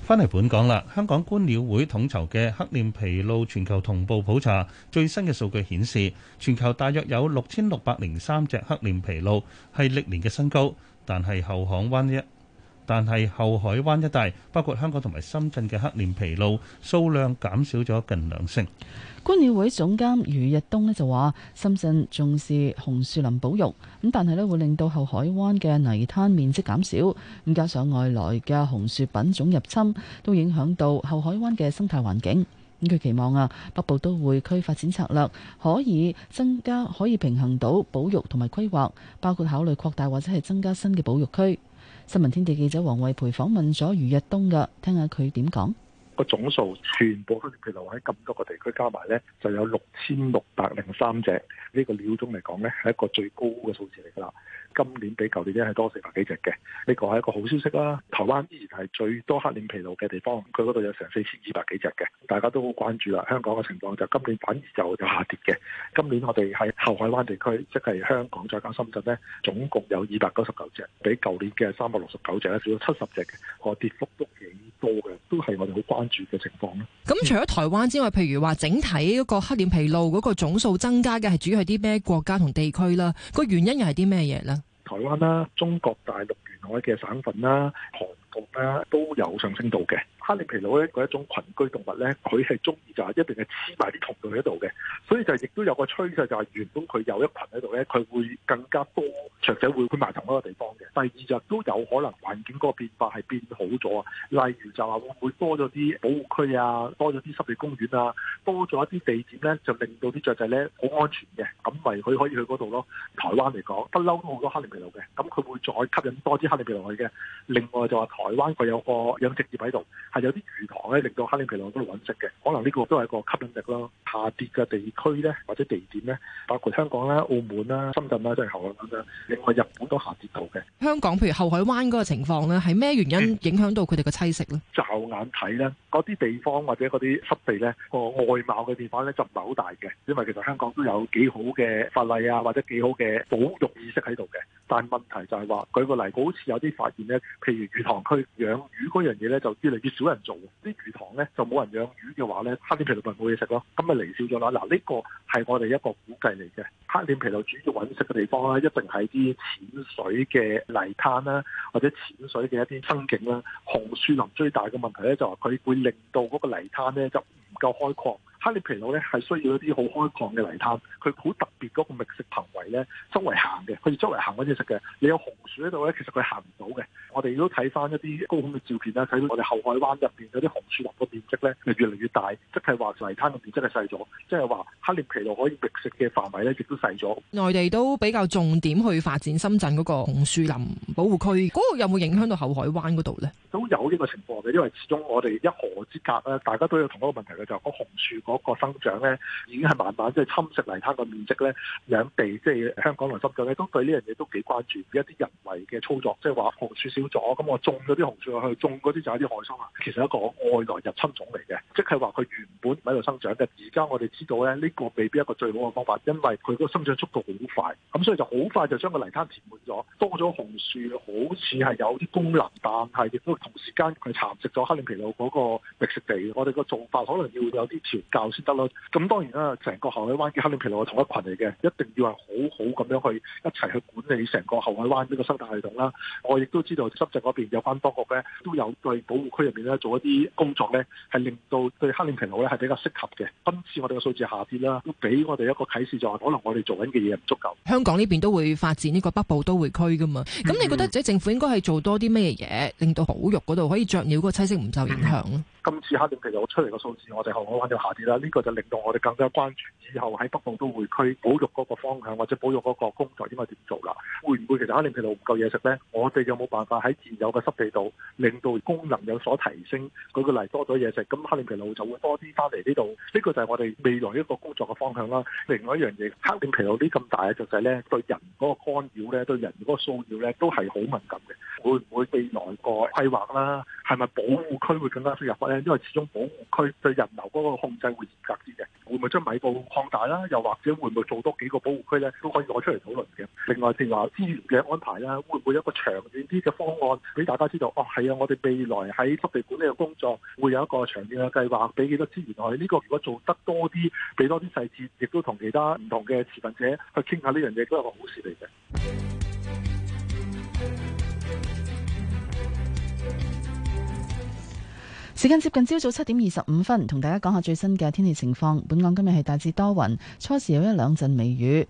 返嚟本港啦，香港觀鳥會統籌嘅黑臉琵鷺全球同步普查最新嘅數據顯示，全球大約有六千六百零三隻黑臉琵鷺係歷年嘅新高，但係後巷灣一但係後海灣一帶，包括香港同埋深圳嘅黑臉琵鷺數量減少咗近兩成。觀鳥會總監余日東呢就話，深圳重視紅樹林保育，咁但係呢會令到後海灣嘅泥灘面積減少，咁加上外來嘅紅樹品種入侵，都影響到後海灣嘅生態環境。咁佢期望啊，北部都會區發展策略可以增加，可以平衡到保育同埋規劃，包括考慮擴大或者係增加新嘅保育區。新聞天地記者黃慧培訪問咗余日東嘅，聽下佢點講。個總數全部都，譬如話喺咁多個地區加埋咧，就有六千六百零三隻。呢、呢個鳥種嚟講咧，係一個最高嘅數字嚟㗎啦。今年比舊年咧係多四百幾隻嘅，呢個係一個好消息啦。台灣依然係最多黑臉琵鷺嘅地方，佢嗰度有成四千二百幾隻嘅，大家都好關注啦。香港嘅情況就今年反而就就下跌嘅。今年我哋喺後海灣地區，即係香港再加深圳咧，總共有二百九十九隻，比舊年嘅三百六十九隻少咗七十隻嘅，個跌幅都幾多嘅，都係我哋好關注嘅情況啦。咁、嗯、除咗台灣之外，譬如話整體嗰個黑臉琵鷺嗰個總數增加嘅係主要係啲咩國家同地區啦？個原因又係啲咩嘢咧？台灣啦、啊、中國大陸沿海嘅省份啦、啊、韓國啦、啊，都有上升到嘅。黑臉琵鷺咧，嗰一種群居動物咧，佢係中意就係一定係黐埋啲同伴喺度嘅，所以就亦都有個趨勢，就係、是、原本佢有一群喺度咧，佢會更加多雀仔會揾埋同一個地方嘅。第二就是、都有可能環境嗰個變化係變好咗啊，例如就話會唔會多咗啲保護區啊，多咗啲濕地公園啊，多咗一啲地點咧，就令到啲雀仔咧好安全嘅，咁咪佢可以去嗰度咯。台灣嚟講，不嬲都好多黑臉琵鷺嘅，咁佢會再吸引多啲黑臉琵鷺去嘅。另外就話台灣佢有個養殖業喺度。係有啲魚塘咧，令到黑臉琵鷺嗰度揾食嘅，可能呢個都係一個吸引力咯。下跌嘅地區咧，或者地點咧，包括香港啦、澳門啦、深圳啦，即係後海灣啦，另外日本都下跌到嘅。香港譬如後海灣嗰個情況咧，係咩原因影響到佢哋嘅棲息咧？驟眼睇咧，嗰啲地方或者嗰啲濕地咧，個外貌嘅變化咧就唔係好大嘅，因為其實香港都有幾好嘅法例啊，或者幾好嘅保育意識喺度嘅。但係問題就係話，舉個例，好似有啲發現咧，譬如魚塘區養魚嗰樣嘢咧，就越嚟越冇人做啲魚塘咧，就冇人養魚嘅話咧，黑點皮就咪冇嘢食咯。咁咪嚟少咗啦。嗱，呢個係我哋一個估計嚟嘅。黑點皮就主要揾食嘅地方啦，一定係啲淺水嘅泥灘啦，或者淺水嘅一啲生境啦。紅樹林最大嘅問題咧，就係佢會令到嗰個泥灘咧就唔夠開闊。黑臉琵鷺咧係需要一啲好開闊嘅泥灘，佢好特別嗰、那個覓食行為咧，周圍行嘅，佢哋周圍行嗰啲食嘅。你有紅樹喺度咧，其實佢行唔到嘅。我哋都睇翻一啲高空嘅照片啦，睇到我哋後海灣入邊嗰啲紅樹林嘅面積咧，係越嚟越大，即係話泥灘嘅面、面積係細咗，即係話黑臉琵鷺可以覓食嘅範圍咧亦都細咗。內地都比較重點去發展深圳嗰個紅樹林保護區，嗰、那個有冇影響到後海灣嗰度咧？都有呢個情況嘅，因為始終我哋一河之隔啦，大家都有同一個問題嘅，就係、是、個紅樹。嗰個生長咧，已經係慢慢即係侵蝕泥灘個面積咧，兩地即係、就是、香港同深圳呢，都對呢樣嘢都幾關注。一啲人為嘅操作，即係話紅樹少咗，咁我種咗啲紅樹落去，種嗰啲就係啲海桑啊。其實一個外來入侵種嚟嘅，即係話佢原本唔喺度生長嘅。而家我哋知道咧，呢、這個未必一個最好嘅方法，因為佢個生長速度好快，咁所以就好快就將個泥灘填滿咗，多咗紅樹，好似係有啲功能，但係亦都同時間佢蠶食咗黑臉琵鷺嗰個覓食地。我哋個做法可能要有啲調校。先得咯，咁當然啦，成個後海灣嘅黑臉琵鷺係同一群嚟嘅，一定要係好好咁樣去一齊去管理成個後海灣呢個生態系統啦。我亦都知道深圳嗰邊有翻多個咧，都有對保護區入面咧做一啲工作咧，係令到對黑臉琵鷺咧係比較適合嘅。今次我哋嘅數字下跌啦，都俾我哋一個啟示，就係可能我哋做緊嘅嘢唔足夠。香港呢邊都會發展呢個北部都會區噶嘛，咁、嗯、你覺得即係政府應該係做多啲咩嘢，令到保育嗰度可以雀鳥嗰個棲息唔受影響？今次黑臉琵鷺出嚟嘅數字，我哋可唔可揾到下跌啦。呢、呢個就令到我哋更加關注以後喺北部都會區保育嗰個方向，或者保育嗰個工作應該點做啦。會唔會其實黑臉琵鷺唔夠嘢食呢？我哋有冇辦法喺現有嘅濕地度，令到功能有所提升？舉個例多，多咗嘢食，咁黑臉琵鷺就會多啲翻嚟呢度。呢、呢個就係我哋未來一個工作嘅方向啦。另外一樣嘢，黑臉琵鷺啲咁大嘅雀仔呢對人嗰個干擾呢，對人嗰個騷擾咧，都係好敏感嘅。會唔會未來個規劃啦？係咪保護區會更加適合呢？因為始終保護區對人流嗰個控制會嚴格啲嘅，會唔會將米布擴大啦？又或者會唔會做多幾個保護區呢？都可以攞出嚟討論嘅。另外譬如話資源嘅安排啦，會唔會有一個長遠啲嘅方案俾大家知道？哦，係啊，我哋未來喺濕地管理嘅工作會有一個長遠嘅計劃，俾幾多資源。我哋呢個如果做得多啲，俾多啲細節，亦都同其他唔同嘅持份者去傾下呢樣嘢，都係個好事嚟嘅。時間接近朝早七點二十五分，同大家講下最新嘅天氣情況。本港今日係大致多雲，初時有一兩陣微雨，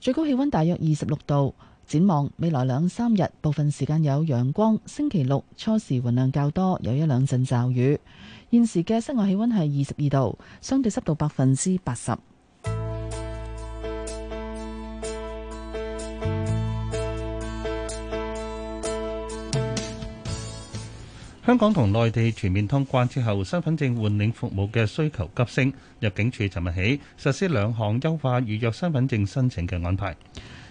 最高氣溫大約二十六度。展望未來兩三日，部分時間有陽光。星期六初時雲量較多，有一兩陣驟雨。現時嘅室外氣溫係二十二度，相對濕度百分之八十。香港同內地全面通關之後，身份證換領服務嘅需求急升。入境處尋日起實施兩項優化預約身份證申請嘅安排。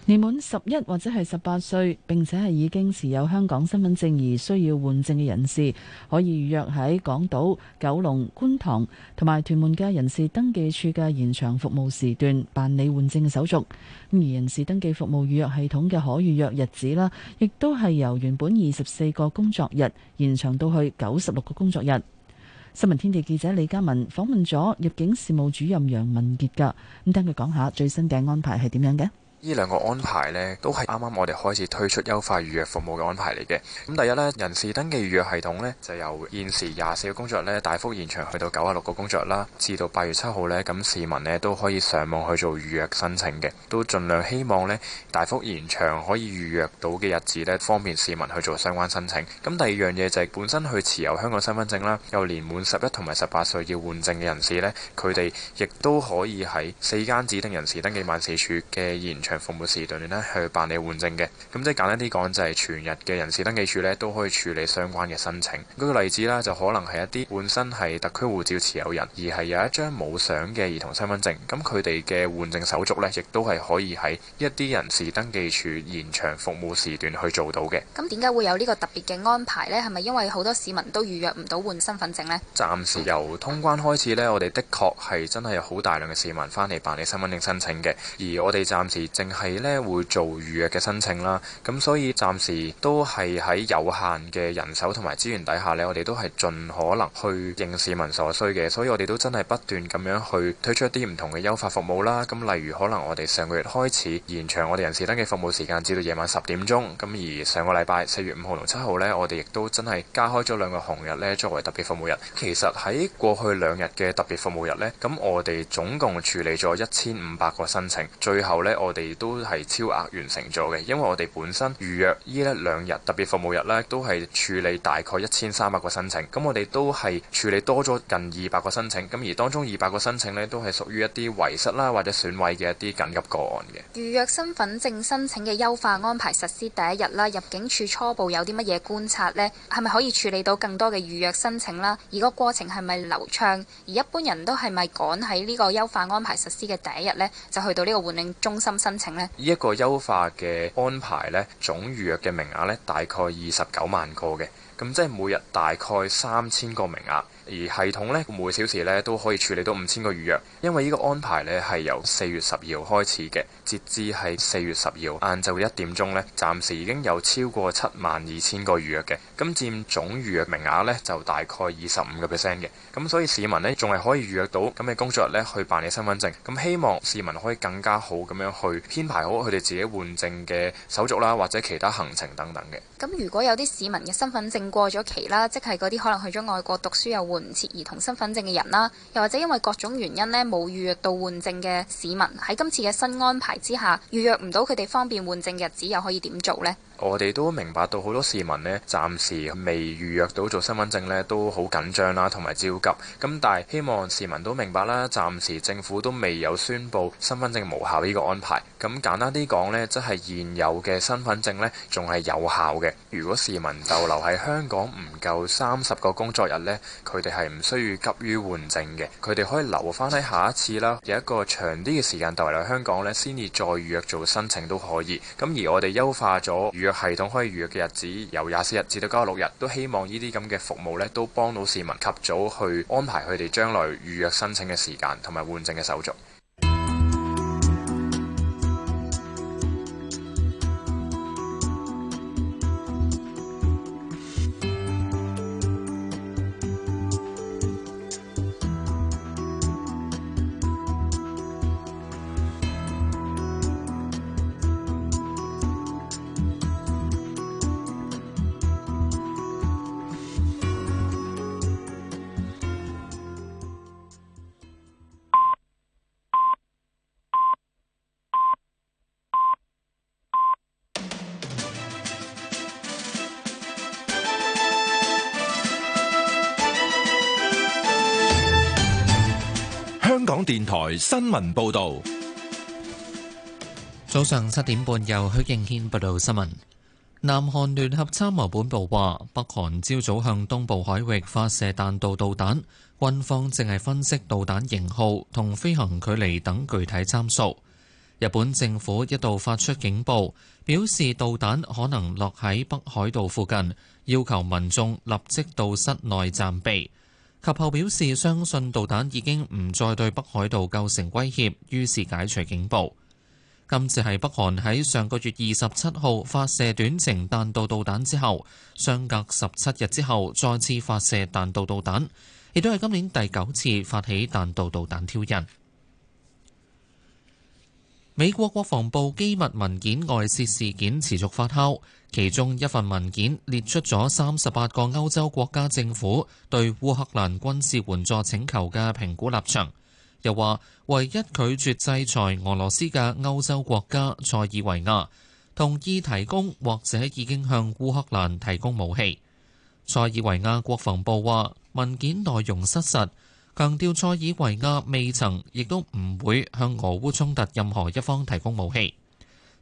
年滿十一或者係十八歲，並且係已經持有香港身份證而需要換證嘅人士，可以預約喺港島、九龍、觀塘同埋屯門嘅人事登記處嘅延長服務時段辦理換證嘅手續。而人事登記服務預約系統嘅可預約日子啦，亦都係由原本二十四個工作日延長到去九十六個工作日。新聞天地記者李嘉文訪問咗入境事務主任楊文杰噶，咁，聽佢講下最新嘅安排係點樣嘅。呢兩個安排呢，都係啱啱我哋開始推出優化預約服務嘅安排嚟嘅。咁第一呢，人事登記預約系統呢，就由現時廿四個工作日呢，大幅延長去到九十六個工作日啦，至到八月七號呢，咁市民呢，都可以上網去做預約申請嘅，都盡量希望呢，大幅延長可以預約到嘅日子呢，方便市民去做相關申請。咁第二樣嘢就係、是、本身去持有香港身份證啦，又年滿十一同埋十八歲要換證嘅人士呢，佢哋亦都可以喺四間指定人事登記辦事處嘅延長。服務時段呢，去辦理換證嘅，咁即係簡單啲講，就係全日嘅人事登記處呢，都可以處理相關嘅申請。舉個例子啦，就可能係一啲本身係特區護照持有人，而係有一張冇相嘅兒童身份證，咁佢哋嘅換證手續呢，亦都係可以喺一啲人事登記處延長服務時段去做到嘅。咁點解會有呢個特別嘅安排呢？係咪因為好多市民都預約唔到換身份證呢？暫時由通關開始呢，我哋的確係真係有好大量嘅市民返嚟辦理身份證申請嘅，而我哋暫時。淨係咧會做預約嘅申請啦，咁所以暫時都係喺有限嘅人手同埋資源底下呢，我哋都係盡可能去應市民所需嘅，所以我哋都真係不斷咁樣去推出一啲唔同嘅優化服務啦。咁例如可能我哋上個月開始延長我哋人事登記服務時間，至到夜晚十點鐘。咁而上個禮拜四月五號同七號呢，我哋亦都真係加開咗兩個紅日呢作為特別服務日。其實喺過去兩日嘅特別服務日呢，咁我哋總共處理咗一千五百個申請，最後呢，我哋。都係超額完成咗嘅，因為我哋本身預約呢一兩日特別服務日咧，都係處理大概一千三百個申請，咁我哋都係處理多咗近二百個申請，咁而當中二百個申請咧，都係屬於一啲遺失啦或者損毀嘅一啲緊急個案嘅預約身份證申請嘅優化安排實施第一日啦，入境處初步有啲乜嘢觀察咧？係咪可以處理到更多嘅預約申請啦？而個過程係咪流暢？而一般人都係咪趕喺呢個優化安排實施嘅第一日咧，就去到呢個換領中心申？呢一個優化嘅安排呢，總預約嘅名額，呢大概二十九萬個嘅，咁即係每日大概三千個名額。而系統呢，每小時呢都可以處理到五千個預約，因為呢個安排呢係由四月十二號開始嘅，截至係四月十二號晏晝一點鐘呢暫時已經有超過七萬二千個預約嘅，咁佔總預約名額呢就大概二十五個 percent 嘅，咁所以市民呢仲係可以預約到咁嘅工作日呢去辦理身份證，咁希望市民可以更加好咁樣去編排好佢哋自己換證嘅手續啦，或者其他行程等等嘅。咁如果有啲市民嘅身份證過咗期啦，即係嗰啲可能去咗外國讀書又會換切兒童身份證嘅人啦，又或者因為各種原因呢，冇預約到換證嘅市民，喺今次嘅新安排之下，預約唔到佢哋方便換證日子，又可以點做呢？我哋都明白到好多市民呢，暫時未預約到做身份證呢都好緊張啦，同埋焦急。咁但係希望市民都明白啦，暫時政府都未有宣布身份證無效呢個安排。咁簡單啲講呢，即係現有嘅身份證呢仲係有效嘅。如果市民逗留喺香港唔夠三十個工作日呢，佢哋係唔需要急於換證嘅。佢哋可以留返喺下一次啦，有一個長啲嘅時間逗留香港呢，先至再預約做申請都可以。咁而我哋優化咗預約系統可以預約嘅日子由廿四日至到九十六日，都希望呢啲咁嘅服務咧，都幫到市民及早去安排佢哋將來預約申請嘅時間同埋換證嘅手續。新聞報道，早上七點半由許敬軒報道新聞。南韓聯合參謀本部話，北韓朝早向東部海域發射彈道導彈，軍方淨係分析導彈型號同飛行距離等具體參數。日本政府一度發出警報，表示導彈可能落喺北海道附近，要求民眾立即到室內暫避。及後表示相信導彈已經唔再對北海道構成威脅，於是解除警報。今次係北韓喺上個月二十七號發射短程彈道導彈之後，相隔十七日之後再次發射彈道導彈，亦都係今年第九次發起彈道導彈挑釁。美國國防部機密文件外泄事件持續發酵，其中一份文件列出咗三十八個歐洲國家政府對烏克蘭軍事援助請求嘅評估立場，又話唯一拒絕制裁俄羅斯嘅歐洲國家塞爾維亞同意提供或者已經向烏克蘭提供武器。塞爾維亞國防部話文件內容失實。強調，塞爾維亞未曾亦都唔會向俄烏衝突任何一方提供武器。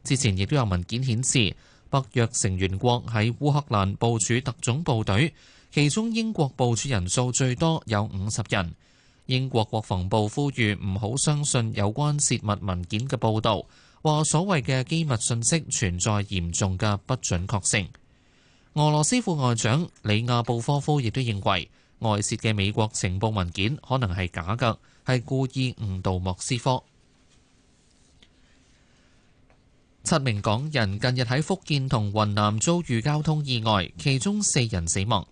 之前亦都有文件顯示，北約成員國喺烏克蘭部署特種部隊，其中英國部署人數最多，有五十人。英國國防部呼籲唔好相信有關泄密文件嘅報導，話所謂嘅機密信息存在嚴重嘅不準確性。俄羅斯副外長里亞布科夫亦都認為。外泄嘅美國情報文件，可能係假噶係故意誤導莫斯科。七名港人近日喺福建同雲南遭遇交通意外，其中四人死亡。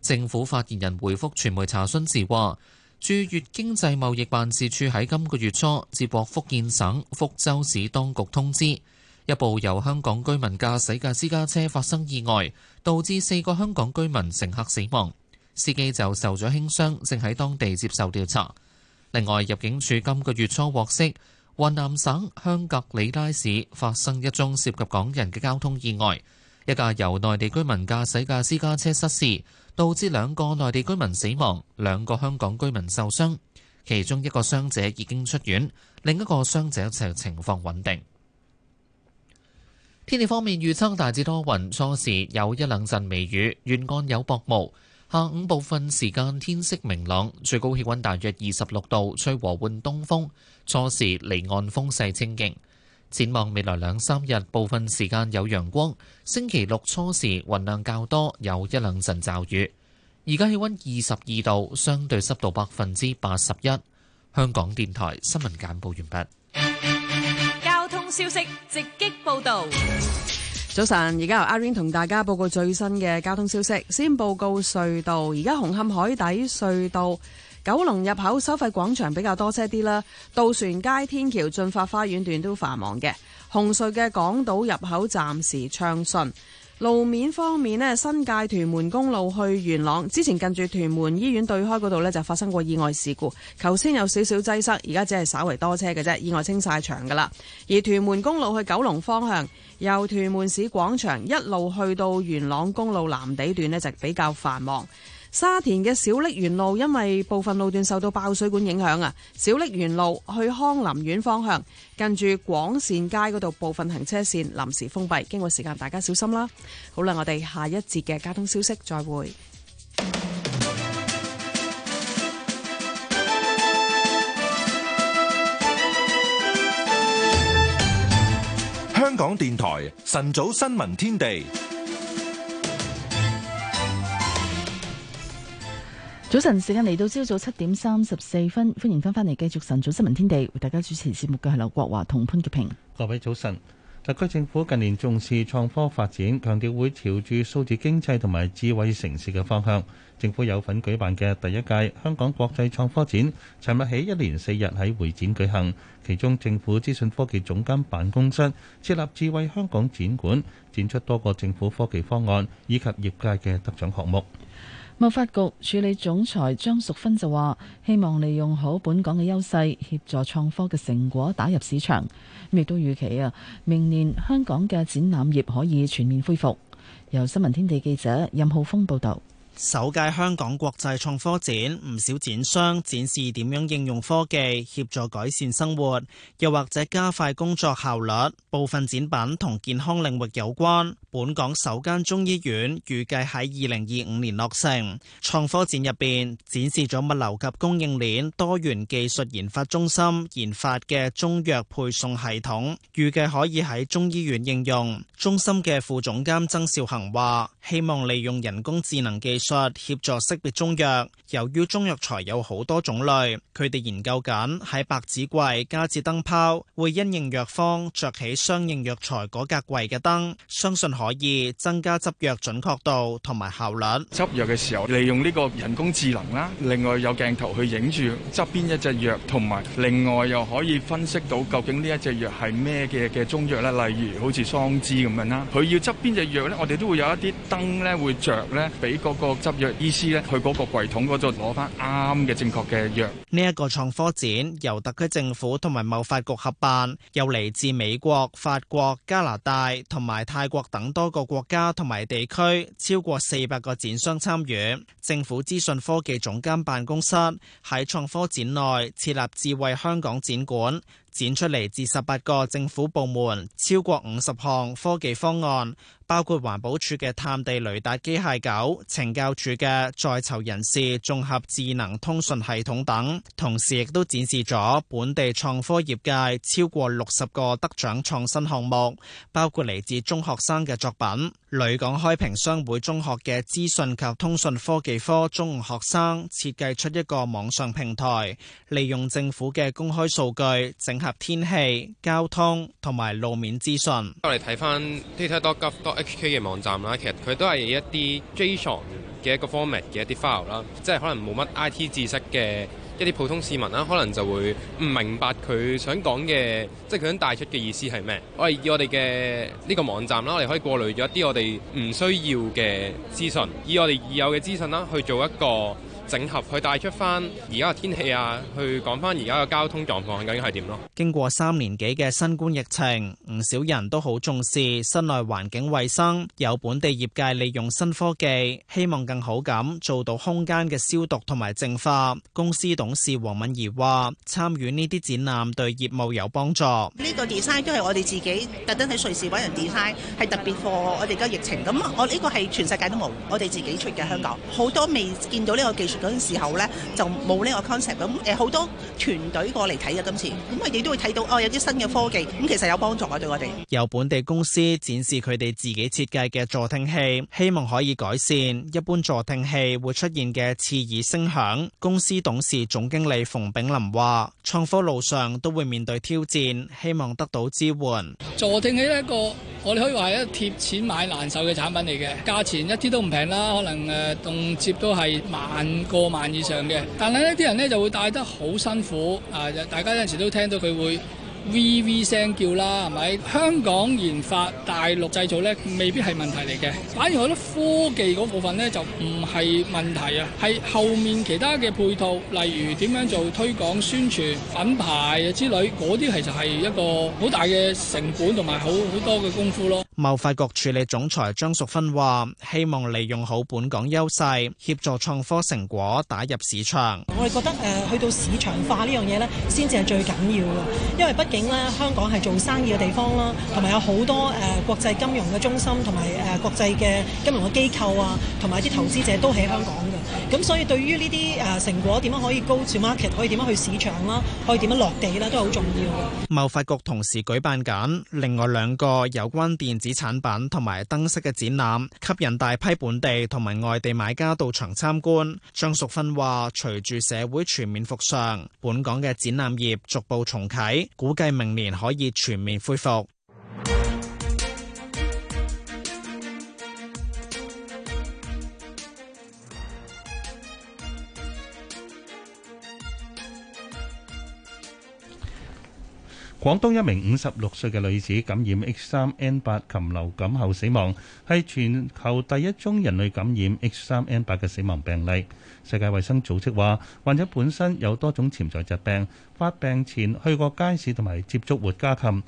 政府發言人回覆傳媒查詢時話，駐粵經濟貿易辦事處喺今個月初接獲福建省福州市當局通知，一部由香港居民駕駛嘅私家車發生意外，導致四個香港居民乘客死亡。司機就受咗輕傷，正喺當地接受調查。另外，入境處今個月初獲悉，雲南省香格里拉市發生一宗涉及港人嘅交通意外，一架由內地居民駕駛嘅私家車失事，導致兩個內地居民死亡，兩個香港居民受傷，其中一個傷者已經出院，另一個傷者就情況穩定。天氣方面，預測大致多雲，初時有一兩陣微雨，沿岸有薄霧。下午部分時間天色明朗，最高氣溫大約二十六度，吹和緩東風。初時離岸風勢清勁。展望未來兩三日，部分時間有陽光。星期六初時雲量較多，有一兩陣驟雨。而家氣溫二十二度，相對濕度百分之八十一。香港電台新聞簡報完畢。交通消息直擊報道。早晨，而家由阿 Ring 同大家報告最新嘅交通消息。先報告隧道，而家紅磡海底隧道九龍入口收費廣場比較多車啲啦。渡船街天橋進發花園段都繁忙嘅。紅隧嘅港島入口暫時暢順。路面方面呢，新界屯門公路去元朗之前近住屯門醫院對開嗰度呢，就發生過意外事故，頭先有少少擠塞，而家只係稍為多車嘅啫。意外清晒場噶啦。而屯門公路去九龍方向，由屯門市廣場一路去到元朗公路藍地段呢，就比較繁忙。沙田嘅小瀝源路因為部分路段受到爆水管影響啊，小瀝源路去康林苑方向，近住廣善街嗰度部分行車綫臨時封閉，經過時間大家小心啦。好啦，我哋下一節嘅交通消息再會。香港電台晨早新聞天地，早晨，時間嚟到朝早七點三十四分，歡迎翻返嚟，繼續晨早新聞天地，為大家主持節目嘅係劉國華同潘潔平。各位早晨，特區政府近年重視創科發展，強調會朝住數字經濟同埋智慧城市嘅方向。政府有份舉辦嘅第一屆香港國際創科展，尋日起一連四日喺會展舉行。其中，政府資訊科技總監辦公室設立智慧香港展館，展出多個政府科技方案以及業界嘅得獎項目。貿發局處理總裁張淑芬就話：希望利用好本港嘅優勢，協助創科嘅成果打入市場。亦都預期啊，明年香港嘅展覽業可以全面恢復。由新聞天地記者任浩峰報導。首屆香港國際創科展，唔少展商展示點樣應用科技協助改善生活，又或者加快工作效率。部分展品同健康領域有關。本港首間中醫院預計喺二零二五年落成。創科展入邊展示咗物流及供應鏈多元技術研發中心研發嘅中藥配送系統，預計可以喺中醫院應用。中心嘅副總監曾少恒話：希望利用人工智能技。協助識別中藥，由於中藥材有好多種類，佢哋研究緊喺白紙櫃加設燈泡，會因應藥方着起相應藥材嗰格櫃嘅燈，相信可以增加執藥準確度同埋效率。執藥嘅時候利用呢個人工智能啦，另外有鏡頭去影住執邊一隻藥，同埋另外又可以分析到究竟呢一隻藥係咩嘅中藥，例如好似桑枝咁樣啦。佢要執邊隻藥呢，我哋都會有一啲燈會着俾嗰個執藥醫師呢，去嗰個櫃桶嗰度攞翻啱嘅正確嘅藥。呢一個創科展由特區政府同埋貿發局合辦，由嚟自美國、法國、加拿大同埋泰國等多個國家同埋地區，超過四百個展商參與。政府資訊科技總監辦公室喺創科展內設立智慧香港展館。展出嚟自十八個政府部門，超過五十項科技方案，包括環保署嘅探地雷達機械狗、懲教署嘅在囚人士綜合智能通訊系統等。同時亦都展示咗本地創科業界超過六十個得獎創新項目，包括嚟自中學生嘅作品。旅港開平商會中學嘅資訊及通訊科技科中學生設計出一個網上平台，利用政府嘅公開數據，整合天氣、交通同埋路面資訊。我哋睇翻 data.gov.hk 嘅網站啦，其實佢都係一啲 JSON 嘅一個 format 嘅一啲 file 啦，即係可能冇乜 IT 知識嘅。一啲普通市民啦，可能就會唔明白佢想講嘅，即係佢想帶出嘅意思係咩？我哋以我哋嘅呢個網站啦，我哋可以過濾咗一啲我哋唔需要嘅資訊，以我哋已有嘅資訊啦去做一個。整合去帶出翻而家嘅天氣啊，去講翻而家嘅交通狀況究竟係點咯？經過三年幾嘅新冠疫情，唔少人都好重視室內環境衛生。有本地業界利用新科技，希望更好咁做到空間嘅消毒同埋淨化。公司董事黃敏儀話：參與呢啲展覽對業務有幫助。呢個 design 都係我哋自己特登喺瑞士揾人 design，係特別貨。我哋而家疫情咁，我呢個係全世界都冇，我哋自己出嘅，香港好多未見到呢個技術。嗰陣時候咧就冇呢個 concept，咁誒好多團隊過嚟睇嘅今次，咁佢哋都會睇到哦，有啲新嘅科技，咁其實有幫助嘅對我哋。由本地公司展示佢哋自己設計嘅助聽器，希望可以改善一般助聽器會出現嘅刺耳聲響。公司董事總經理馮炳林話：創科路上都會面對挑戰，希望得到支援。助聽器一個我哋可以話係一貼錢買難受嘅產品嚟嘅，價錢一啲都唔平啦，可能誒動輒都係萬。過萬以上嘅，但係呢啲人咧就會帶得好辛苦啊！大家有陣時都聽到佢會。V V 聲叫啦，係咪？香港研發大陸製造咧，未必係問題嚟嘅。反而我覺得科技嗰部分咧，就唔係問題啊。係後面其他嘅配套，例如點樣做推廣宣傳品牌啊之類嗰啲，其實係一個好大嘅成本同埋好好多嘅功夫咯。貿發局處理總裁張淑芬話，希望利用好本港優勢協助創科成果打入市場。我哋覺得誒、呃、去到市場化呢樣嘢咧，先至係最緊要嘅，因為不。竟咧，香港係做生意嘅地方啦，同埋有好多誒國際金融嘅中心，同埋誒國際嘅金融嘅機構啊，同埋啲投資者都喺香港嘅。咁所以對於呢啲誒成果，點樣可以 go to market，可以點樣去市場啦，可以點樣落地咧，都好重要。貿發局同時舉辦緊另外兩個有關電子產品同埋燈飾嘅展覽，吸引大批本地同埋外地買家到場參觀。張淑芬話：隨住社會全面復常，本港嘅展覽業逐步重啟，估明年可以全面恢復。廣東一名五十六歲嘅女子感染 H 三 N 八禽流感後死亡，係全球第一宗人類感染 H 三 N 八嘅死亡病例。世界衛生組織話，患者本身有多種潛在疾病，發病前去過街市同埋接觸活家禽，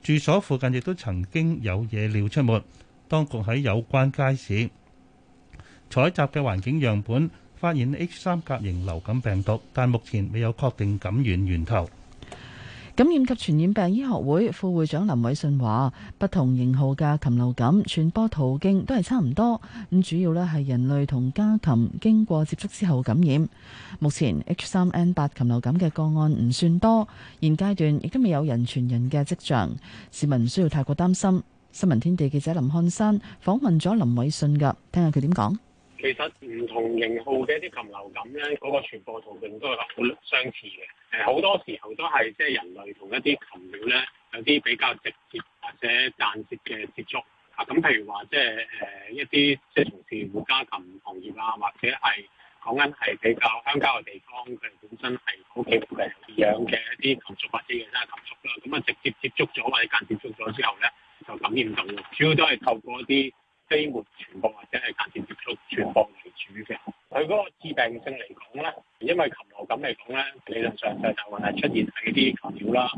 住所附近亦都曾經有野鳥出沒。當局喺有關街市採集嘅環境樣本發現 H 三甲型流感病毒，但目前未有確定感染源頭。感染及傳染病醫學會副會長林偉信話，不同型號嘅禽流感傳播途徑都係差唔多，咁主要呢係人類同家禽經過接觸之後感染。目前 H 三 N 八禽流感嘅個案唔算多，現階段亦都未有人傳人嘅跡象，市民唔需要太過擔心。新聞天地記者林漢山訪問咗林偉信噶，聽下佢點講。其實唔同型號嘅一啲禽流感咧，嗰、那個傳播途徑都係好相似嘅。誒、呃、好多時候都係即係人類同一啲禽鳥咧有啲比較直接或者間接嘅接觸。啊咁，譬如話即係誒一啲即係從事護家禽行業啊，或者係講緊係比較鄉郊嘅地方，佢哋本身係屋企養嘅一啲禽畜或者其他禽畜啦。咁啊直接接觸咗或者間接接觸咗之後咧，就感染到。主要都係透過一啲飛沫傳播或者係間接接觸傳播為主嘅。佢嗰個致病性嚟講咧，因為禽流感嚟講咧，理論上就係話係出現喺啲禽鳥啦，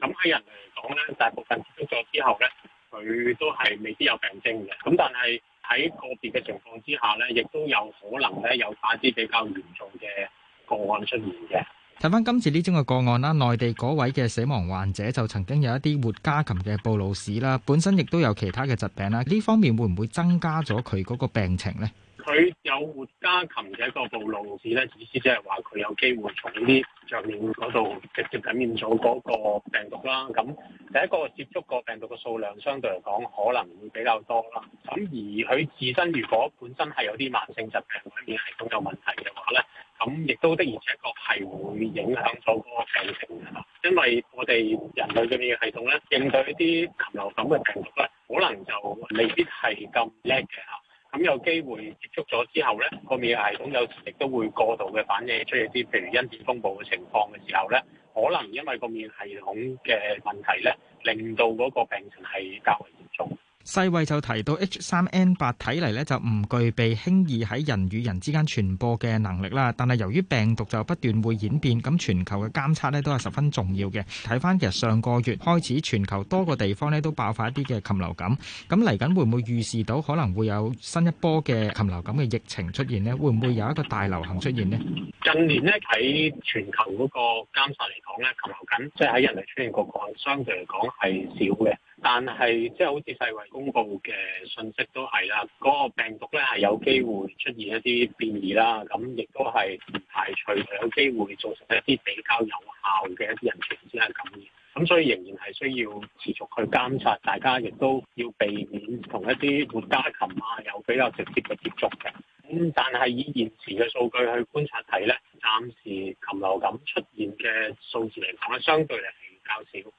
咁喺人嚟講咧，大部分接觸咗之後咧，佢都係未知有病徵嘅，咁但係喺個別嘅情況之下咧，亦都有可能咧有啲比較嚴重嘅個案出現嘅。睇翻今次呢宗嘅個案啦，內地嗰位嘅死亡患者就曾經有一啲活家禽嘅暴露史啦，本身亦都有其他嘅疾病啦，呢方面會唔會增加咗佢嗰個病情咧？佢有活家禽嘅一個暴露史咧，意思即係話佢有機會從啲上面嗰度直接感染咗嗰個病毒啦。咁第一個接觸個病毒嘅數量相對嚟講可能會比較多啦。咁而佢自身如果本身係有啲慢性疾病或者免疫系統有問題嘅話咧。咁亦都的而且確係會影響到嗰個病情嘅嚇。因為我哋人類嘅免疫系統咧，應對一啲禽流感嘅病毒咧，可能就未必係咁叻嘅嚇。咁、嗯、有機會接觸咗之後咧，個免疫系統有時亦都會過度嘅反應，出現一啲譬如因子風暴嘅情況嘅時候咧，可能因為個免疫系統嘅問題咧，令到嗰個病情係較為嚴重。世衛就提到 H3N8 睇嚟，咧就唔具備輕易喺人與人之間傳播嘅能力啦。但係由於病毒就不斷會演變，咁全球嘅監測咧都係十分重要嘅。睇翻其實上個月開始，全球多個地方咧都爆發一啲嘅禽流感。咁嚟緊會唔會預示到可能會有新一波嘅禽流感嘅疫情出現咧？會唔會有一個大流行出現咧？近年咧喺全球嗰個監測嚟講咧，禽流感即係喺人類出現個案，相對嚟講係少嘅。但係，即係好似世衞公布嘅信息都係啦，嗰個病毒咧係有機會出現一啲變異啦，咁亦都係唔排除佢有機會造成一啲比較有效嘅一啲人傳人嘅感染，咁所以仍然係需要持續去監察，大家亦都要避免同一啲活家禽啊有比較直接嘅接觸嘅。咁但係以現時嘅數據去觀察睇咧，暫時禽流感出現嘅數字嚟講咧，相對嚟係較少。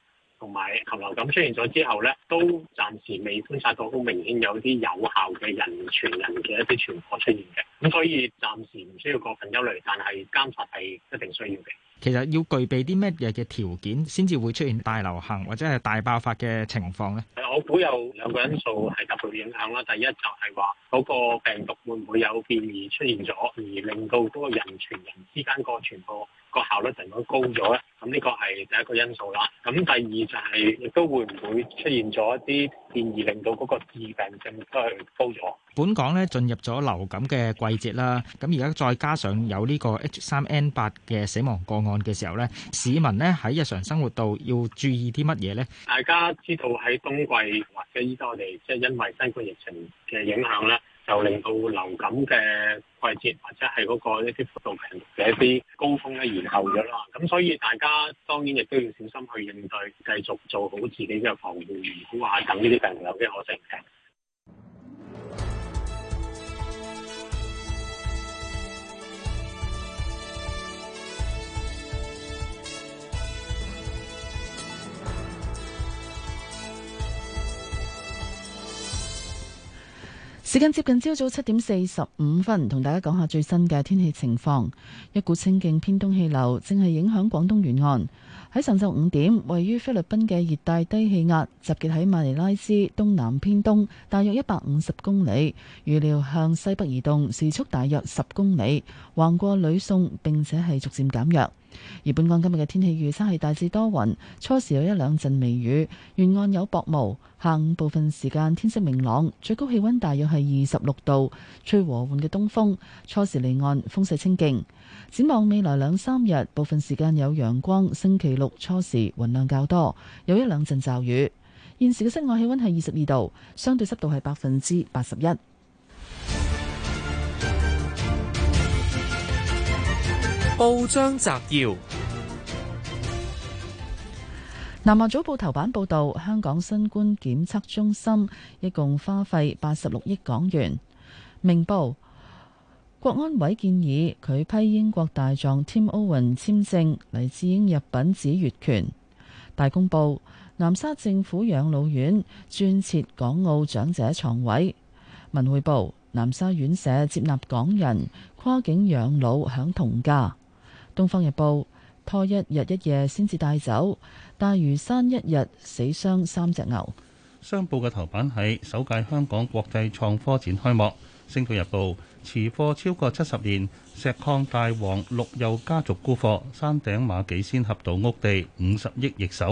同埋禽流感出現咗之後咧，都暫時未觀察到好明顯有啲有效嘅人傳人嘅一啲傳播出現嘅，咁所以暫時唔需要過分憂慮，但係監察係一定需要嘅。其實要具備啲乜嘢嘅條件，先至會出現大流行或者係大爆發嘅情況咧？我估有兩個因素係特別嘅影響啦。第一就係話嗰個病毒會唔會有變異出現咗，而令到嗰個人傳人之間個傳播。個效率成咁高咗咧，咁呢個係第一個因素啦。咁第二就係亦都會唔會出現咗一啲變異，令到嗰個致病性都係高咗。本港咧進入咗流感嘅季節啦，咁而家再加上有呢個 H 三 N 八嘅死亡個案嘅時候咧，市民咧喺日常生活度要注意啲乜嘢咧？大家知道喺冬季或者依家我哋即係因為新冠疫情嘅影響咧。就令到流感嘅季節或者係嗰、那個一啲病毒，病毒嘅一啲高峰咧延後咗啦，咁 一所以大家當然亦都要小心去應對，繼續做好自己嘅防護，唔好話等呢啲病毒有機可乘嘅。時間接近朝早七點四十五分，同大家講下最新嘅天氣情況。一股清勁偏東氣流正係影響廣東沿岸。喺上晝五點，位於菲律賓嘅熱帶低氣壓集結喺馬尼拉斯東南偏東，大約一百五十公里，預料向西北移動，時速大約十公里，橫過呂宋，並且係逐漸減弱。而本港今日嘅天氣預測係大致多雲，初時有一兩陣微雨，沿岸有薄霧，下午部分時間天色明朗，最高氣溫大約係二十六度，吹和緩嘅東風，初時離岸風勢清勁。展望未來兩三日，部分時間有陽光。星期六初時雲量較多，有一兩陣驟雨。現時嘅室外氣溫係二十二度，相對濕度係百分之八十一。報章摘要：南華早報頭版報道，香港新冠檢測中心一共花費八十六億港元。明報。國安委建議拒批英國大狀 Tim Owen 簽證，黎智英入稟指越權。大公報：南沙政府養老院專設港澳長者床位。文匯報：南沙院舍接納港人跨境養老享同價。東方日報：拖一日一夜先至帶走。大嶼山一日死傷三隻牛。商報嘅頭版喺首屆香港國際創科展開幕。《星島日報》持貨超過七十年，石礦大王陸佑家族沽貨，山頂馬己仙峽道屋地五十億易手。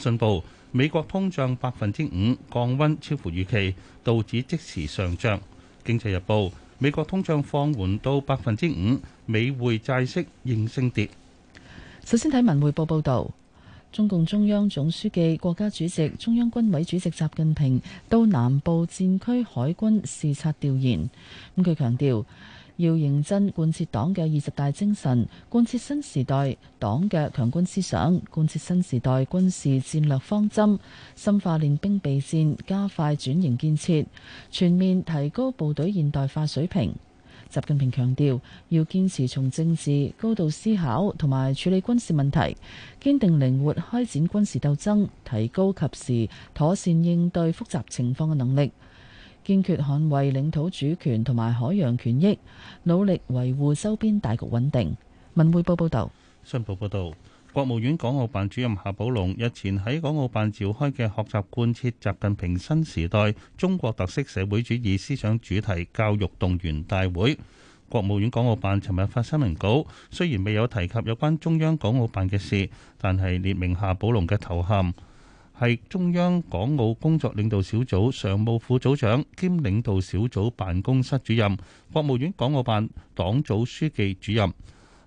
《信報》美國通脹百分之五降溫超乎預期，道指即時上漲。《經濟日報》美國通脹放緩到百分之五，美匯債息應聲跌。首先睇文匯報報道。中共中央總書記、國家主席、中央軍委主席習近平到南部戰區海軍視察調研。咁佢強調要認真貫徹黨嘅二十大精神，貫徹新時代黨嘅強軍思想，貫徹新時代軍事戰略方針，深化練兵備戰，加快轉型建設，全面提高部隊現代化水平。習近平強調，要堅持從政治高度思考同埋處理軍事問題，堅定靈活開展軍事鬥爭，提高及時妥善應對複雜情況嘅能力，堅決捍衛領土主權同埋海洋權益，努力維護周邊大局穩定。文匯報報道，新報報道。國務院港澳辦主任夏寶龍日前喺港澳辦召開嘅學習貫徹習近平新時代中國特色社會主義思想主題教育動員大會，國務院港澳辦尋日發新聞稿，雖然未有提及有關中央港澳辦嘅事，但係列明夏寶龍嘅頭銜係中央港澳工作領導小組常務副組長兼領導小組辦公室主任、國務院港澳辦黨組書記主任。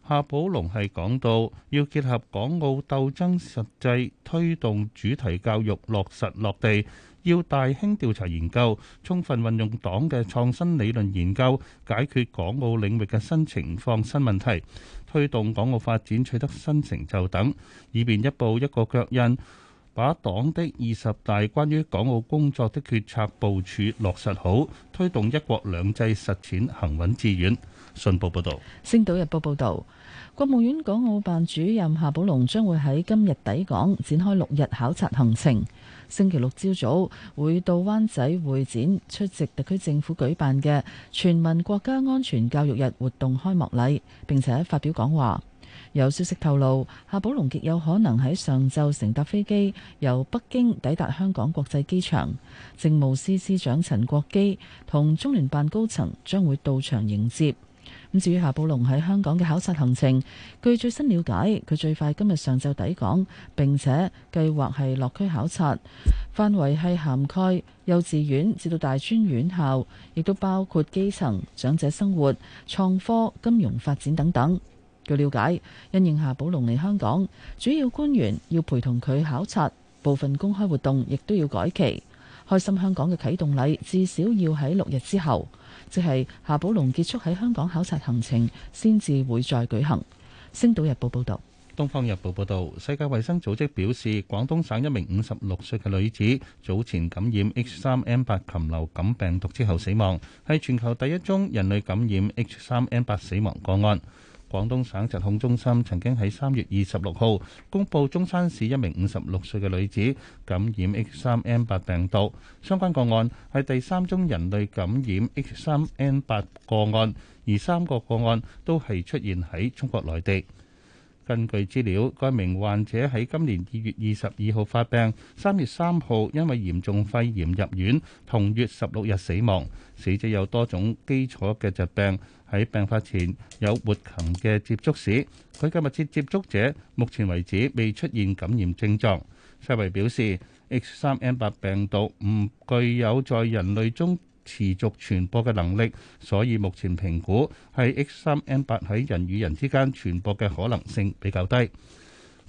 夏寶龍係講到，要結合港澳鬥爭實際，推動主題教育落實落地；要大興調查研究，充分運用黨嘅創新理論研究，解決港澳領域嘅新情況、新問題，推動港澳發展取得新成就等，以便一步一個腳印，把黨的二十大關於港澳工作的決策部署落實好，推動一國兩制實踐行穩致遠。信報報導，《星島日報》報導，國務院港澳辦主任夏寶龍將會喺今日抵港，展開六日考察行程。星期六朝早會到灣仔會展出席特區政府舉辦嘅全民國家安全教育日活動開幕禮，並且發表講話。有消息透露，夏寶龍極有可能喺上晝乘搭飛機由北京抵達香港國際機場。政務司司長陳國基同中聯辦高層將會到場迎接。咁至於夏寶龍喺香港嘅考察行程，據最新了解，佢最快今日上晝抵港，並且計劃係落區考察，範圍係涵蓋幼稚園至到大專院校，亦都包括基層、長者生活、創科、金融發展等等。據了解，因應夏寶龍嚟香港，主要官員要陪同佢考察，部分公開活動亦都要改期。開心香港嘅啟動禮至少要喺六日之後。即係夏寶龍結束喺香港考察行程，先至會再舉行。星島日報報道、東方日報報道，世界衛生組織表示，廣東省一名五十六歲嘅女子早前感染 H3N8 禽流感病毒之後死亡，係全球第一宗人類感染 H3N8 死亡個案。廣東省疾控中心曾經喺三月二十六號公佈，中山市一名五十六歲嘅女子感染 H 三 N 八病毒，相關個案係第三宗人類感染 H 三 N 八個案，而三個個案都係出現喺中國內地。根據資料，該名患者喺今年二月二十二號發病，三月三號因為嚴重肺炎入院，同月十六日死亡。死者有多種基礎嘅疾病。喺病發前有活禽嘅接觸史，佢嘅密切接觸者目前為止未出現感染症狀。世衛表示，H 三 N 八病毒唔具有在人類中持續傳播嘅能力，所以目前評估係 H 三 N 八喺人與人之間傳播嘅可能性比較低。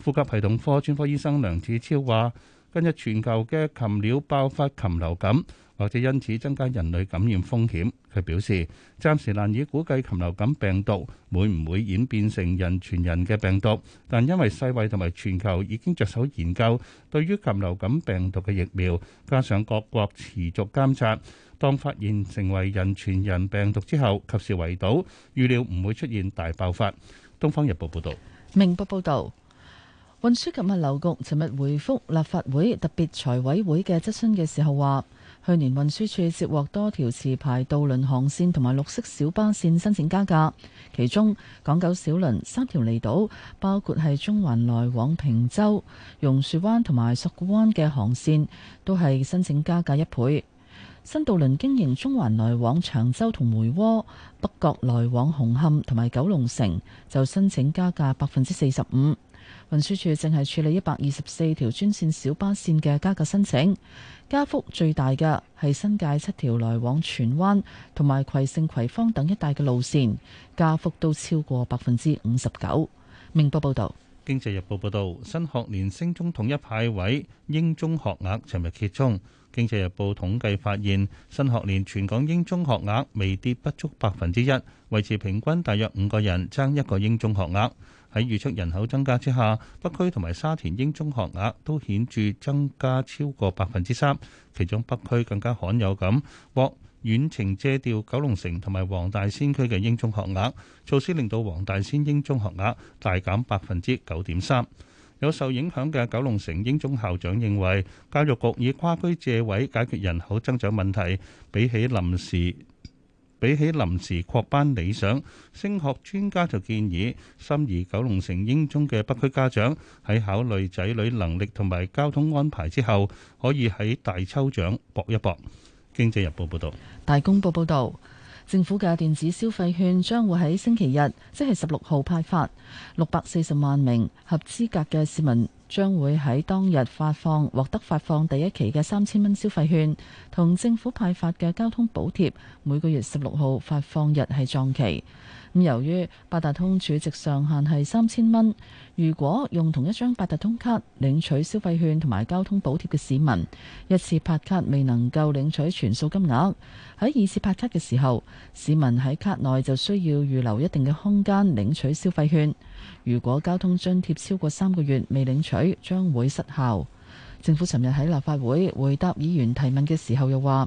呼吸系統科專科醫生梁子超話，今日全球嘅禽鳥爆發禽流感。或者因此增加人類感染風險，佢表示暫時難以估計禽流感病毒會唔會演變成人傳人嘅病毒。但因為世衞同埋全球已經着手研究對於禽流感病毒嘅疫苗，加上各國持續監察，當發現成為人傳人病毒之後，及時圍堵，預料唔會出現大爆發。《東方日報》報道，《明報》報道，運輸及物流局尋日回覆立法會特別財委會嘅質詢嘅時候話。去年運輸署接獲多條持牌渡輪航線同埋綠色小巴線申請加價，其中港九小輪三條離島，包括係中環來往坪洲、榕樹灣同埋索罟灣嘅航線，都係申請加價一倍。新渡輪經營中環來往長洲同梅窩、北角來往紅磡同埋九龍城，就申請加價百分之四十五。運輸處正係處理一百二十四條專線小巴線嘅加價申請，加幅最大嘅係新界七條來往荃灣同埋葵盛葵芳等一帶嘅路線，加幅都超過百分之五十九。明報報道，《經濟日報》報道，新學年升中統一派位英中學額，尋日揭盅。《經濟日報》統計發現，新學年全港英中學額微跌不足百分之一，維持平均大約五個人爭一個英中學額。喺預測人口增加之下，北區同埋沙田英中學額都顯著增加超過百分之三，其中北區更加罕有咁獲遠程借調九龍城同埋黃大仙區嘅英中學額，措施令到黃大仙英中學額大減百分之九點三。有受影響嘅九龍城英中校長認為，教育局以跨區借位解決人口增長問題，比起臨時。比起臨時擴班理想，升學專家就建議，心儀九龍城英中嘅北區家長喺考慮仔女能力同埋交通安排之後，可以喺大抽獎搏一搏。經濟日報報道，大公報報道，政府嘅電子消費券將會喺星期日，即係十六號派發六百四十萬名合資格嘅市民。將會喺當日發放，獲得發放第一期嘅三千蚊消費券，同政府派發嘅交通補貼，每個月十六號發放日係撞期。由於八達通儲值上限係三千蚊，如果用同一張八達通卡領取消費券同埋交通補貼嘅市民，一次拍卡未能夠領取全數金額，喺二次拍卡嘅時候，市民喺卡內就需要預留一定嘅空間領取消費券。如果交通津貼，貼超過三個月未領取，將會失效。政府尋日喺立法會回答議員提問嘅時候又，又話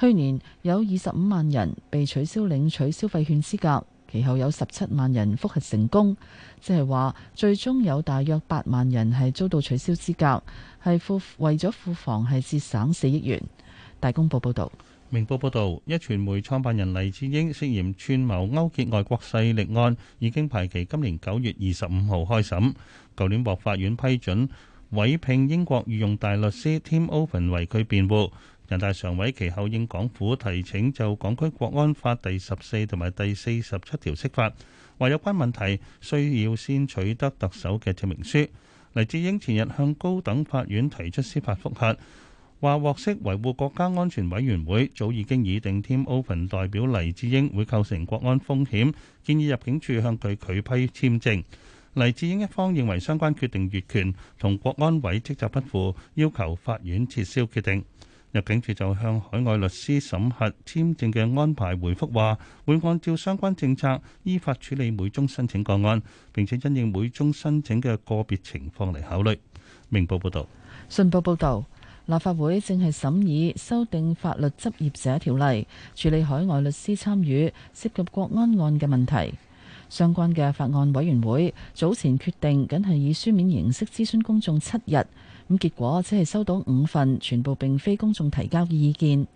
去年有二十五萬人被取消領取消費券資格。其後有十七萬人覆核成功，即係話最終有大約八萬人係遭到取消資格，係付為咗庫房係節省四億元。大公報報導，明報報導，一傳媒創辦人黎智英涉嫌串謀勾結外國勢力案已經排期今年九月二十五號開審，舊年獲法院批准委聘英國御用大律師 Tim Owen 為佢辯護。人大常委其後應港府提請就港區國安法第十四同埋第四十七條釋法，話有關問題需要先取得特首嘅證明書。黎智英前日向高等法院提出司法覆核，話獲悉維護國家安全委員會早已經認定 Tim Owen 代表黎智英會構成國安風險，建議入境處向佢拒批簽證。黎智英一方認為相關決定越權，同國安委職責不符，要求法院撤銷決定。入境處就向海外律師審核簽證嘅安排回覆話，會按照相關政策依法處理每宗申請個案，並且因應每宗申請嘅個別情況嚟考慮。明報報道，信報報道，立法會正係審議修訂法律執業者條例，處理海外律師參與涉及國安案嘅問題。相關嘅法案委員會早前決定僅係以書面形式諮詢公眾七日。咁結果只係收到五份，全部並非公眾提交嘅意見。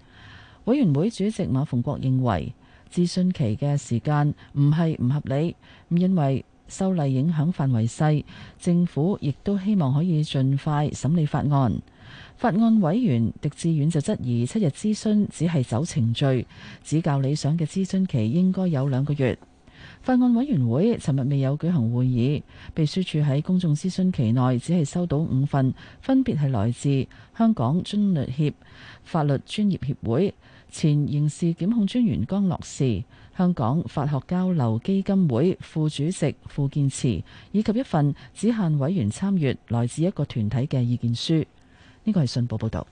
委員會主席馬逢國認為，諮詢期嘅時間唔係唔合理，咁因為修例影響範圍細，政府亦都希望可以盡快審理法案。法案委員狄志遠就質疑七日諮詢只係走程序，指較理想嘅諮詢期應該有兩個月。法案委員會尋日未有舉行會議，秘書處喺公眾諮詢期內只係收到五份，分別係來自香港津律協、法律專業協會、前刑事檢控專員江樂士、香港法學交流基金會副主席傅建慈以及一份只限委員參閱、來自一個團體嘅意見書。呢個係信報報道，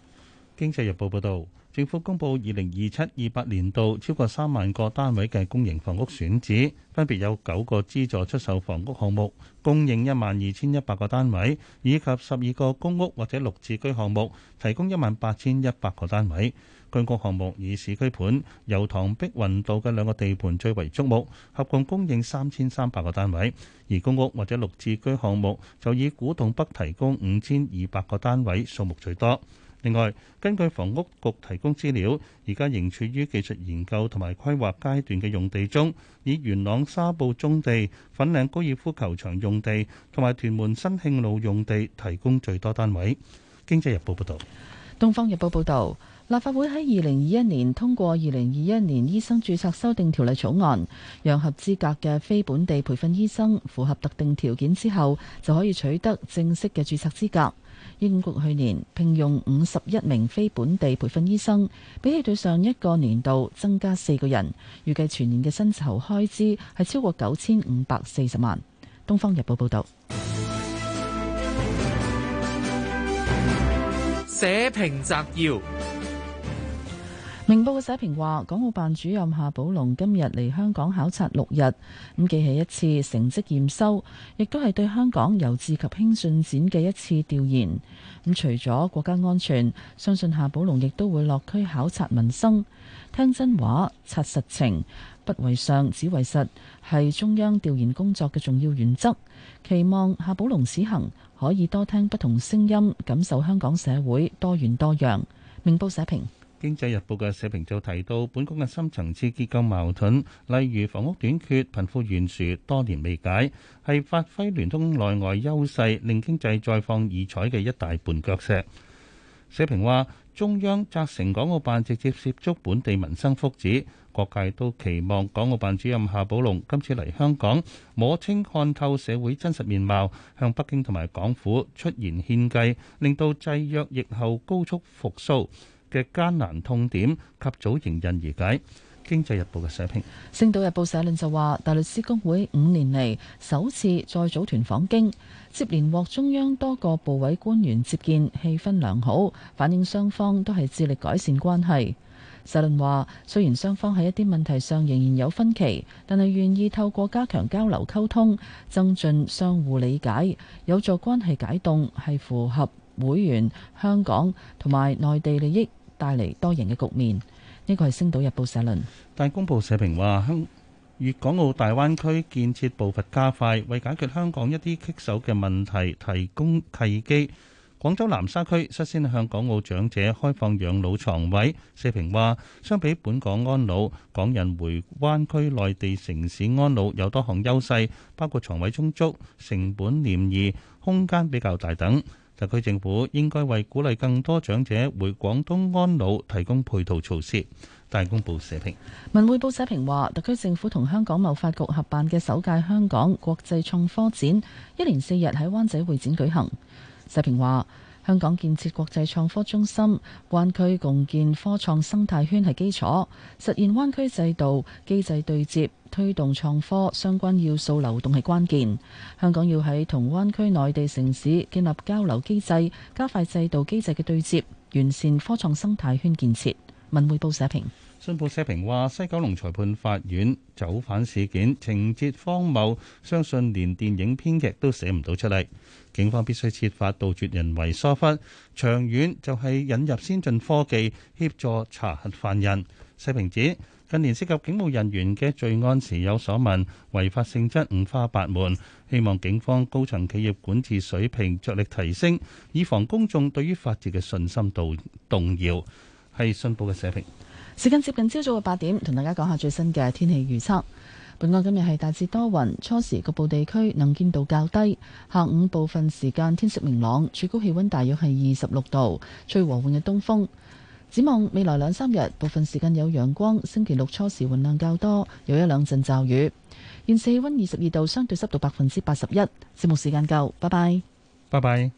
《經濟日報》報道。政府公布二零二七二八年度超過三萬個單位嘅公營房屋選址，分別有九個資助出售房屋項目供應一萬二千一百個單位，以及十二個公屋或者綠置居項目提供一萬八千一百個單位。公共項目，以市區盤油塘碧雲道嘅兩個地盤最為矚目，合共供應三千三百個單位；而公屋或者綠置居項目就以古洞北提供五千二百個單位數目最多。另外，根據房屋局提供資料，而家仍處於技術研究同埋規劃階段嘅用地中，以元朗沙埔棕地、粉嶺高爾夫球場用地同埋屯門新慶路用地提供最多單位。經濟日報報導，東方日報報導，立法會喺二零二一年通過《二零二一年醫生註冊修訂條例草案》，讓合資格嘅非本地培訓醫生符合特定條件之後，就可以取得正式嘅註冊資格。英國去年聘用五十一名非本地培訓醫生，比起對上一個年度增加四個人。預計全年嘅薪酬開支係超過九千五百四十萬。東方日報報道。社評摘要。明報嘅社評話，港澳辦主任夏寶龍今日嚟香港考察六日，咁既係一次成績驗收，亦都係對香港由治及興進展嘅一次調研。咁除咗國家安全，相信夏寶龍亦都會落區考察民生，聽真話，察實情，不為上，只為實，係中央調研工作嘅重要原則。期望夏寶龍此行可以多聽不同聲音，感受香港社會多元多樣。明報社評。《經濟日報》嘅社評就提到，本港嘅深層次結構矛盾，例如房屋短缺、貧富懸殊，多年未解，係發揮聯通內外優勢，令經濟再放異彩嘅一大絆腳石。社評話：中央責成港澳辦直接涉足本地民生福祉，各界都期望港澳辦主任夏寶龍今次嚟香港，摸清看透社會真實面貌，向北京同埋港府出言獻計，令到制約疫後高速復甦嘅艱難痛點及早迎刃而解。經濟日報嘅社評。星島日報社論就話：大律師公會五年嚟首次再組團訪京，接連獲中央多個部委官員接見，氣氛良好，反映雙方都係致力改善關係。社論話：雖然雙方喺一啲問題上仍然有分歧，但係願意透過加強交流溝通，增進相互理解，有助關係解凍，係符合會員香港同埋內地利益。帶嚟多贏嘅局面，呢個係《星島日報》社論。大公報社評話，粵港澳大灣區建設步伐加快，為解決香港一啲棘手嘅問題提供契機。廣州南沙區率先向港澳長者開放養老床位，社評話，相比本港安老，港人回灣區內地城市安老有多項優勢，包括床位充足、成本廉宜、空間比較大等。特區政府應該為鼓勵更多長者回廣東安老提供配套措施。大公報社評。文匯報社評話，特區政府同香港貿發局合辦嘅首屆香港國際創科展一連四日喺灣仔會展舉行。社評話，香港建設國際創科中心，灣區共建科創生態圈係基礎，實現灣區制度機制對接，推動創科相關要素流動係關鍵，香港要喺同灣區內地城市建立交流機制，加快制度機制嘅對接，完善科創生態圈建設。文匯報社評。信報社評話，西九龍裁判法院走犯事件情節荒謬，相信連電影編劇都寫唔到出嚟。警方必須設法杜絕人為疏忽，長遠就係引入先進科技協助查核犯人。社評指。近年涉及警務人員嘅罪案時有所聞，違法性質五花八門。希望警方高層企業管治水平着力提升，以防公眾對於法治嘅信心度動搖。係信報嘅社評。時間接近朝早嘅八點，同大家講下最新嘅天氣預測。本港今日係大致多雲，初時局部地區能見度較低，下午部分時間天色明朗。最高氣溫大約係二十六度，最和緩嘅東風。展望未來兩三日，部分時間有陽光。星期六初時雲量較多，有一兩陣驟雨。現時氣温二十二度，相對濕度百分之八十一。節目時間夠，拜拜。拜拜。